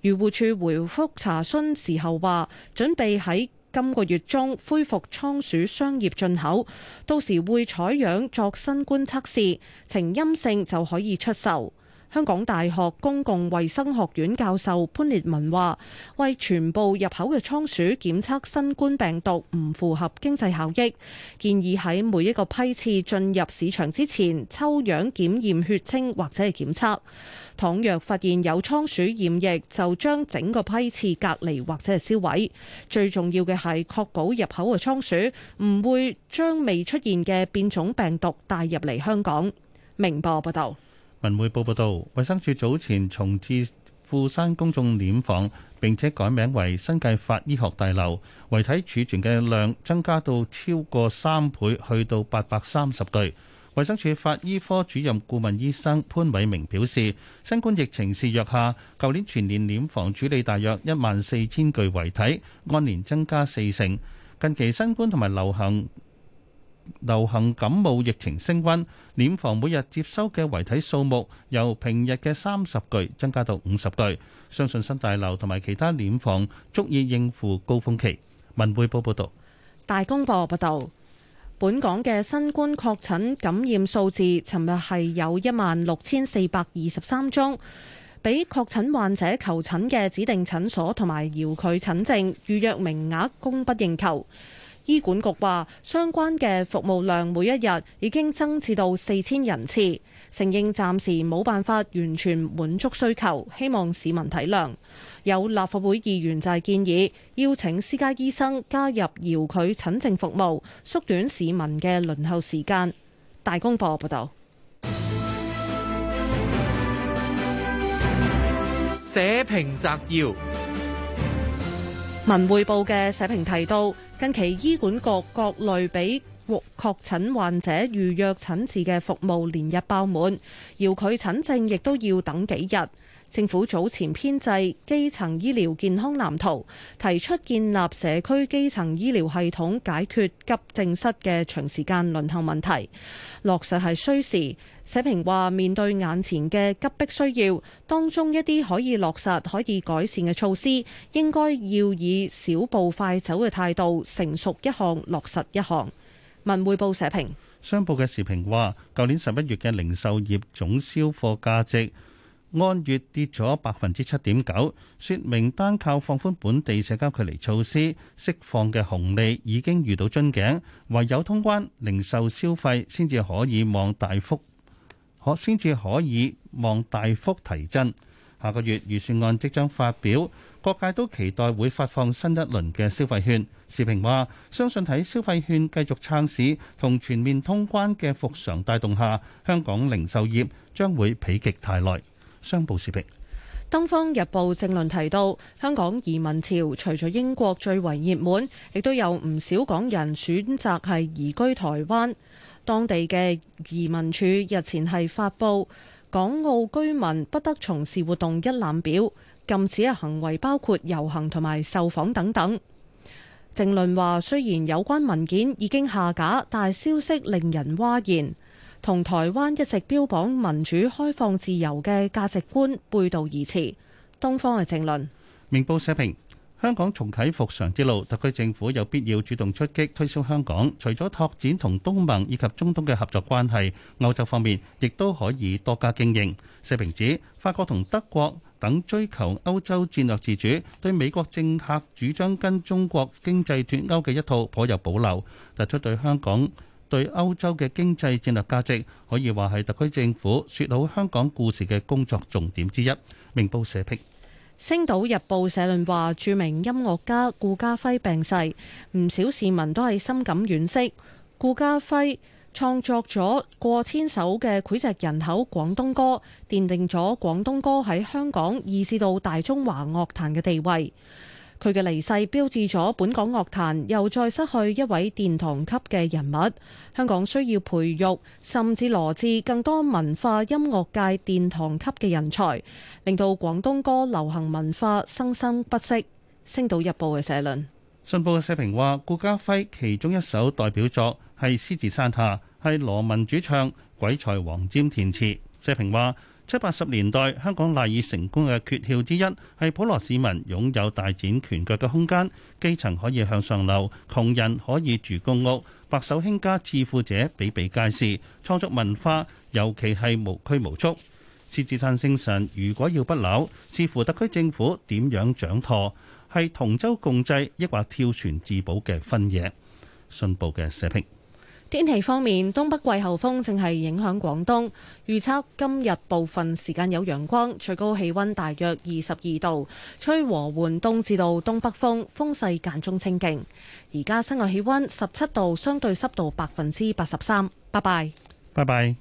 漁護署回覆查詢時候話，準備喺今個月中恢復倉鼠商業進口，到時會採樣作新冠測試，呈陰性就可以出售。香港大學公共衛生學院教授潘烈文話：為全部入口嘅倉鼠檢測新冠病毒唔符合經濟效益，建議喺每一個批次進入市場之前抽樣檢驗血清或者係檢測。倘若發現有倉鼠染疫，就將整個批次隔離或者係燒毀。最重要嘅係確保入口嘅倉鼠唔會將未出現嘅變種病毒帶入嚟香港。明報報道。文匯報報道，衛生署早前重置富山公眾殮房，並且改名為新界法醫學大樓。遺體儲存嘅量增加到超過三倍，去到八百三十具。衛生署法醫科主任顧問醫生潘偉明表示，新冠疫情肆虐下，舊年全年殮房處理大約一萬四千具遺體，按年增加四成。近期新冠同埋流行。流行感冒疫情升溫，殮房每日接收嘅遺體數目由平日嘅三十具增加到五十具，相信新大樓同埋其他殮房足以應付高峰期。文匯報報道。大公報報道，本港嘅新冠確診感染數字，尋日係有一萬六千四百二十三宗，俾確診患者求診嘅指定診所同埋遙距診症預約名額供不應求。醫管局話，相關嘅服務量每一日已經增至到四千人次，承認暫時冇辦法完全滿足需求，希望市民體諒。有立法會議員就建議邀請私家醫生加入遙距診症服務，縮短市民嘅輪候時間。大公報報道，社評摘要，文匯報嘅社評提到。近期醫管局各類俾確診患者預約診治嘅服務連日爆滿，要佢診症亦都要等幾日。政府早前編製《基層醫療健康藍圖》，提出建立社區基層醫療系統，解決急症室嘅長時間輪候問題。落實係需時。社評話：面對眼前嘅急迫需要，當中一啲可以落實、可以改善嘅措施，應該要以小步快走嘅態度，成熟一項落實一項。文匯報社評。商報嘅時評話：舊年十一月嘅零售業總銷貨價值。按月跌咗百分之七點九，說明單靠放寬本地社交距離措施釋放嘅紅利已經遇到樽頸，唯有通關、零售消費先至可以望大幅可先至可以望大幅提振。下個月預算案即將發表，各界都期待會發放新一輪嘅消費券。時評話：相信喺消費券繼續撐市同全面通關嘅復常帶動下，香港零售業將會否極泰來。商報視頻，《東方日報》正論提到，香港移民潮除咗英國最為熱門，亦都有唔少港人選擇係移居台灣。當地嘅移民署日前係發布港澳居民不得從事活動一覽表，禁止嘅行為包括遊行同埋受訪等等。正論話，雖然有關文件已經下架，但係消息令人嘩然。同台灣一直標榜民主、開放、自由嘅價值觀背道而馳。東方嘅政論，明報社評：香港重啟復常之路，特區政府有必要主動出擊推銷香港。除咗拓展同東盟以及中東嘅合作關係，歐洲方面亦都可以多加經營。社評指法國同德國等追求歐洲戰略自主，對美國政客主張跟中國經濟脱鈎嘅一套頗有保留，突出對香港對歐洲嘅經濟戰略價值，可以話係特區政府説好香港故事嘅工作重點之一。明報社評。《星島日報》社論話：著名音樂家顧嘉煇病逝，唔少市民都係深感惋惜。顧嘉煇創作咗過千首嘅膾炙人口廣東歌，奠定咗廣東歌喺香港以至到大中華樂壇嘅地位。佢嘅離世標誌咗本港樂壇又再失去一位殿堂級嘅人物。香港需要培育甚至羅致更多文化音樂界殿堂級嘅人才，令到廣東歌流行文化生生不息。星島日報嘅社論，信報嘅社評話顧嘉煇其中一首代表作係《獅子山下》，係羅文主唱，鬼才黃霑填詞。社評話。七八十年代香港賴以成功嘅訣竅之一係普羅市民擁有大展拳腳嘅空間，基層可以向上流，窮人可以住公屋，白手興家致富者比比皆是，創作文化尤其係無拘無束。獅子山精神如果要不朽，視乎特區政府點樣掌舵，係同舟共濟，抑或跳船自保嘅分野。信報嘅社評。天氣方面，東北季候風正係影響廣東。預測今日部分時間有陽光，最高氣溫大約二十二度，吹和緩東至到東北風，風勢間中清勁。而家室外氣溫十七度，相對濕度百分之八十三。拜拜。拜拜。